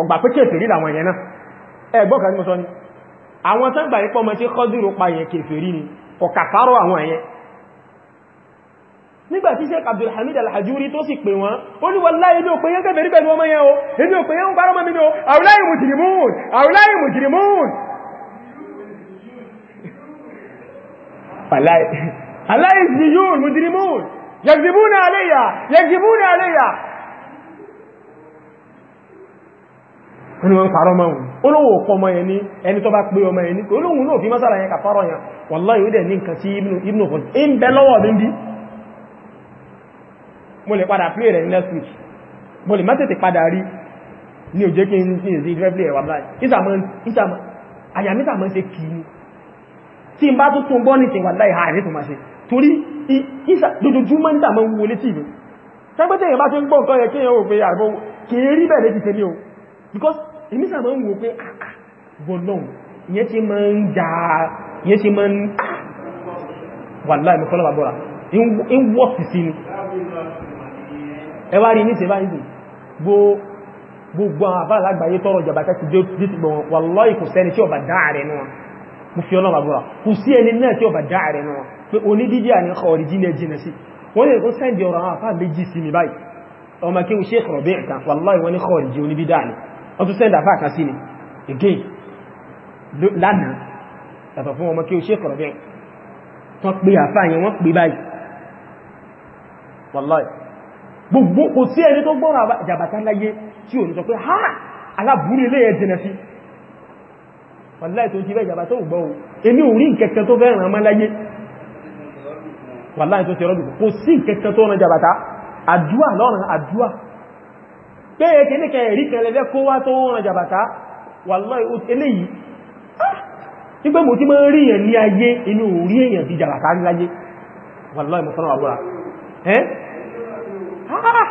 ọgbà pé kèfèrí làwọn ẹ̀yẹ náà ẹgbọ́n kan ní mo sọ ni àwọn tán gbà ipọ́ ọmọ tí Khadiru pa yẹ kèfèrí ni ọ̀kàfàrọ̀ àwọn ẹ̀yẹ nígbàtí Sheikh Abdul Hamid Al-Hajuri tó sì pè wọ́n ó ní wallahi ní òpin yẹn kèfèrí pẹ̀lú ọmọ yẹn o èmi òpin yẹn ń parọ́mọ́ mi ni o àwùláyì mùjìrìmùn àwùláyì mùjìrìmùn aláìsíyún mùdìrímún yẹ̀gbìmúnà àléyà yẹ̀gbìmúnà àléyà wọ́n ni wọ́n ń parọ́ mọ́ wọn olówó ọkọ̀ ọmọ yẹn ní ẹni tó bá pé ọmọ yẹn ní pé olóhun náà fi mọ́sára yẹn kàfàrọ̀ yẹn wallahi ó dẹ̀ ní nǹkan tí ibn ọkọ̀ ń bẹ lọ́wọ́ ọdún bí mo lè padà play rẹ̀ ní mo tí n bá tó tún gbọ́ ní ti wà ààrẹ tó máa ṣe torí lójoojúmọ́ níta mọ́ wọlé tí ìlú tẹ́gbẹ́tẹ́ ìyẹn bá ṣe ń gbọ́ nǹkan yẹ kí èèyàn àrùbọ̀ kìí rí bẹ̀rẹ̀ ti tèmi o because èmi sàmọ́ ń wò pé bọ́lọ́n ah, ah, ìyẹn ti máa ń jà ìyẹn ti máa ń wà láì mọ́kànlá bàbọ́ra ń wọ́ sí sí ni ẹwà rí ní tẹ́bá ìdù mo fi ọlọ́wà búra kò sí ẹni náà tí ó bà dáa rẹ̀ náà pé onídídí àní ọ̀rí jílẹ̀ jìnà sí wọ́n lè tó sẹ́ndì ọ̀rọ̀ àwọn àfáà méjì sí mi báyìí ọmọ kí n ṣe kọ̀rọ̀bẹ̀ nǹkan wàláì wọ́n ní ọ̀rí jí onídídí àní wọ́n tún sẹ́ndì àfáà kan sí ni again lánàá yàtọ̀ fún ọmọ kí n wàláì tó ti bẹ́ ìjàbá tó gbọ́ o èmi ò rí nkẹ̀kẹ́ tó fẹ́ràn ọmọ láyé wàláì tó ti rọ́dùkú kò sí nkẹ̀kẹ́ tó rán jàbàtá àdúà lọ́rùn àdúà pé ẹkẹ́ ní kẹ rí kẹlẹ́fẹ́ kó wá tó rán jàbàtá wàláì ó tẹ́lẹ̀ yìí ah! nígbẹ́ mo ti máa rí èèyàn ah!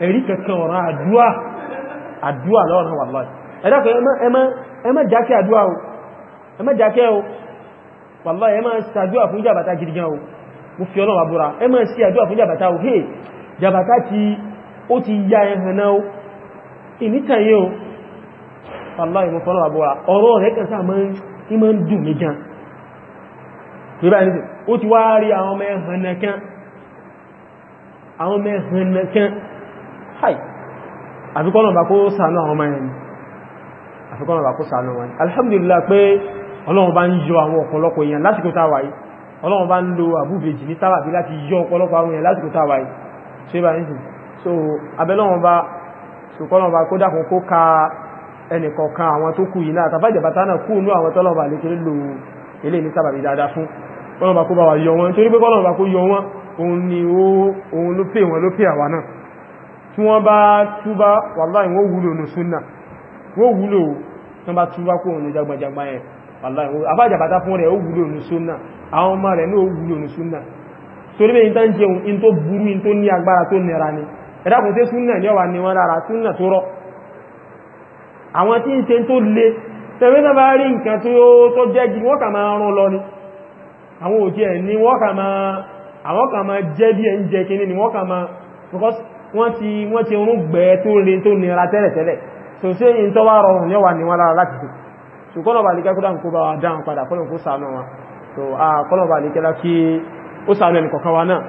ẹ̀rí kẹ̀kẹ́ ọ̀rọ̀ àdúà àdúà lọ́rùn wàláì ẹ̀dá ẹ má jákẹ́ àdúwà o ẹ má jákẹ́ o wallahi ẹ má sàdúwà fún jàbàtà gidi gan o mo fi ọlọ́wà búra ẹ má sí àdúwà fún jàbàtà o hey jàbàtà ti ó ti ya ẹ̀hàn náà o ìnítàyé o wallahi mo fọ́lọ́wà búra ọ̀rọ̀ rẹ̀ kẹsà mọ́ àbíkọ́nà bá kó sàánú àwọn ọmọ ẹ̀yìn àfikọ́nà bá kó sànú wọn alhamdulillah pé ọlọ́run bá ń yọ àwọn ọ̀pọ̀lọpọ̀ èèyàn lásìkò táwà yìí ọlọ́run bá ń lo àbúbejì ní sábàbí láti yọ ọ̀pọ̀lọpọ̀ àwọn èèyàn lásìkò táwà yìí ṣe bá ń sìn so ka ẹnìkọ̀ọ̀kan àwọn tó kù yìí náà tàbájẹ̀bátá náà kú nú àwọn tọ́lọ́ba lè kéré lo ilé ní sábàbí dáadáa fún kọ́nà bá kó bá wa yọ wọn torí pé kọ́nà bá kó yọ tí wọ́n bá túbá wàláì wọ́n wúlò nù súnà wọ́n wúlò tó bá túbá kó òun ní jagbajagba yẹn àbájàbátá fún rẹ̀ ó wúlò ní súnà àwọn ọmọ rẹ̀ ní ó wúlò ní súnà torí bẹ́yìn tán jẹun in tó burú in tó ní agbára tó nira ni ẹ̀dàkùn tí súnà ní ọwà níwọ̀n lára súnà tó rọ le tẹ̀wé náà bá rí nǹkan tó jẹ́ jí wọ́n kà máa rún lọ ni àwọn òjì ẹ̀ ní wọ́n kà máa jẹ́ bí ẹ̀ ń jẹ kíní ni wọ́n kà máa wọ́n ti rún tó le tó nira tẹ́lẹ̀tẹ́lẹ̀ so ṣe yìí tó wá rọrùn ní so kọ́nà bá líkẹ́ kúrò kó bá wa dáhùn padà kọ́nà wa so a kọ́nà bá líkẹ́ lá kí ó sànú ẹnì kọ̀ọ̀kan wa náà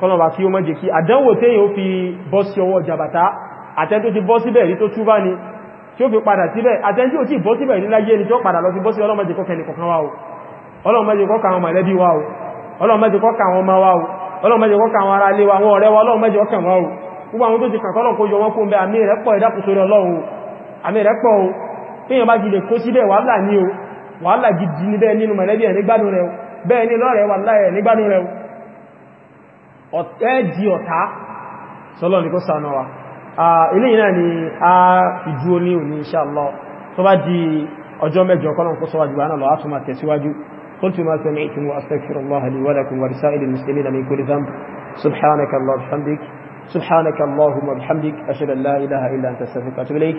kọ́nà bá kí ó mọ́jẹ kí àdánwò téyìn ó fi bọ́ sí ọwọ́ jàbàtá àtẹ́ ti ni tí fi padà tí ti ni tí padà lọ wa o ọlọ́mọdé kọ́kà àwọn mọ̀lẹ́bí wa o ọlọ́mọdé kọ́kà àwọn ọmọ wa o ọlọ́mọdé kọ́kà àwọn àmì rẹ̀ pọ̀ ohun tíyàn bá gidè kó síbẹ̀ wàhálà ní o wàhálà gidi ní bẹ́ẹ̀ nínú mọ̀lẹ́bí ẹ̀ nígbádùn rẹ̀ bẹ́ẹ̀ ní lọ́rẹ̀ wà láyẹ̀ nígbádùn rẹ̀ ọ̀tẹ́ di ọ̀tá sọ́lọ́ ní kó sànà wa ilé yìí náà ni a ìjú oní òní insha Allah tó bá di ọjọ́ mẹ́jọ الله لي ولكم ولسائر المسلمين من كل ذنب سبحانك اللهم وبحمدك سبحانك اللهم وبحمدك أشهد أن لا إله إلا أنت أستغفرك وأتوب إليك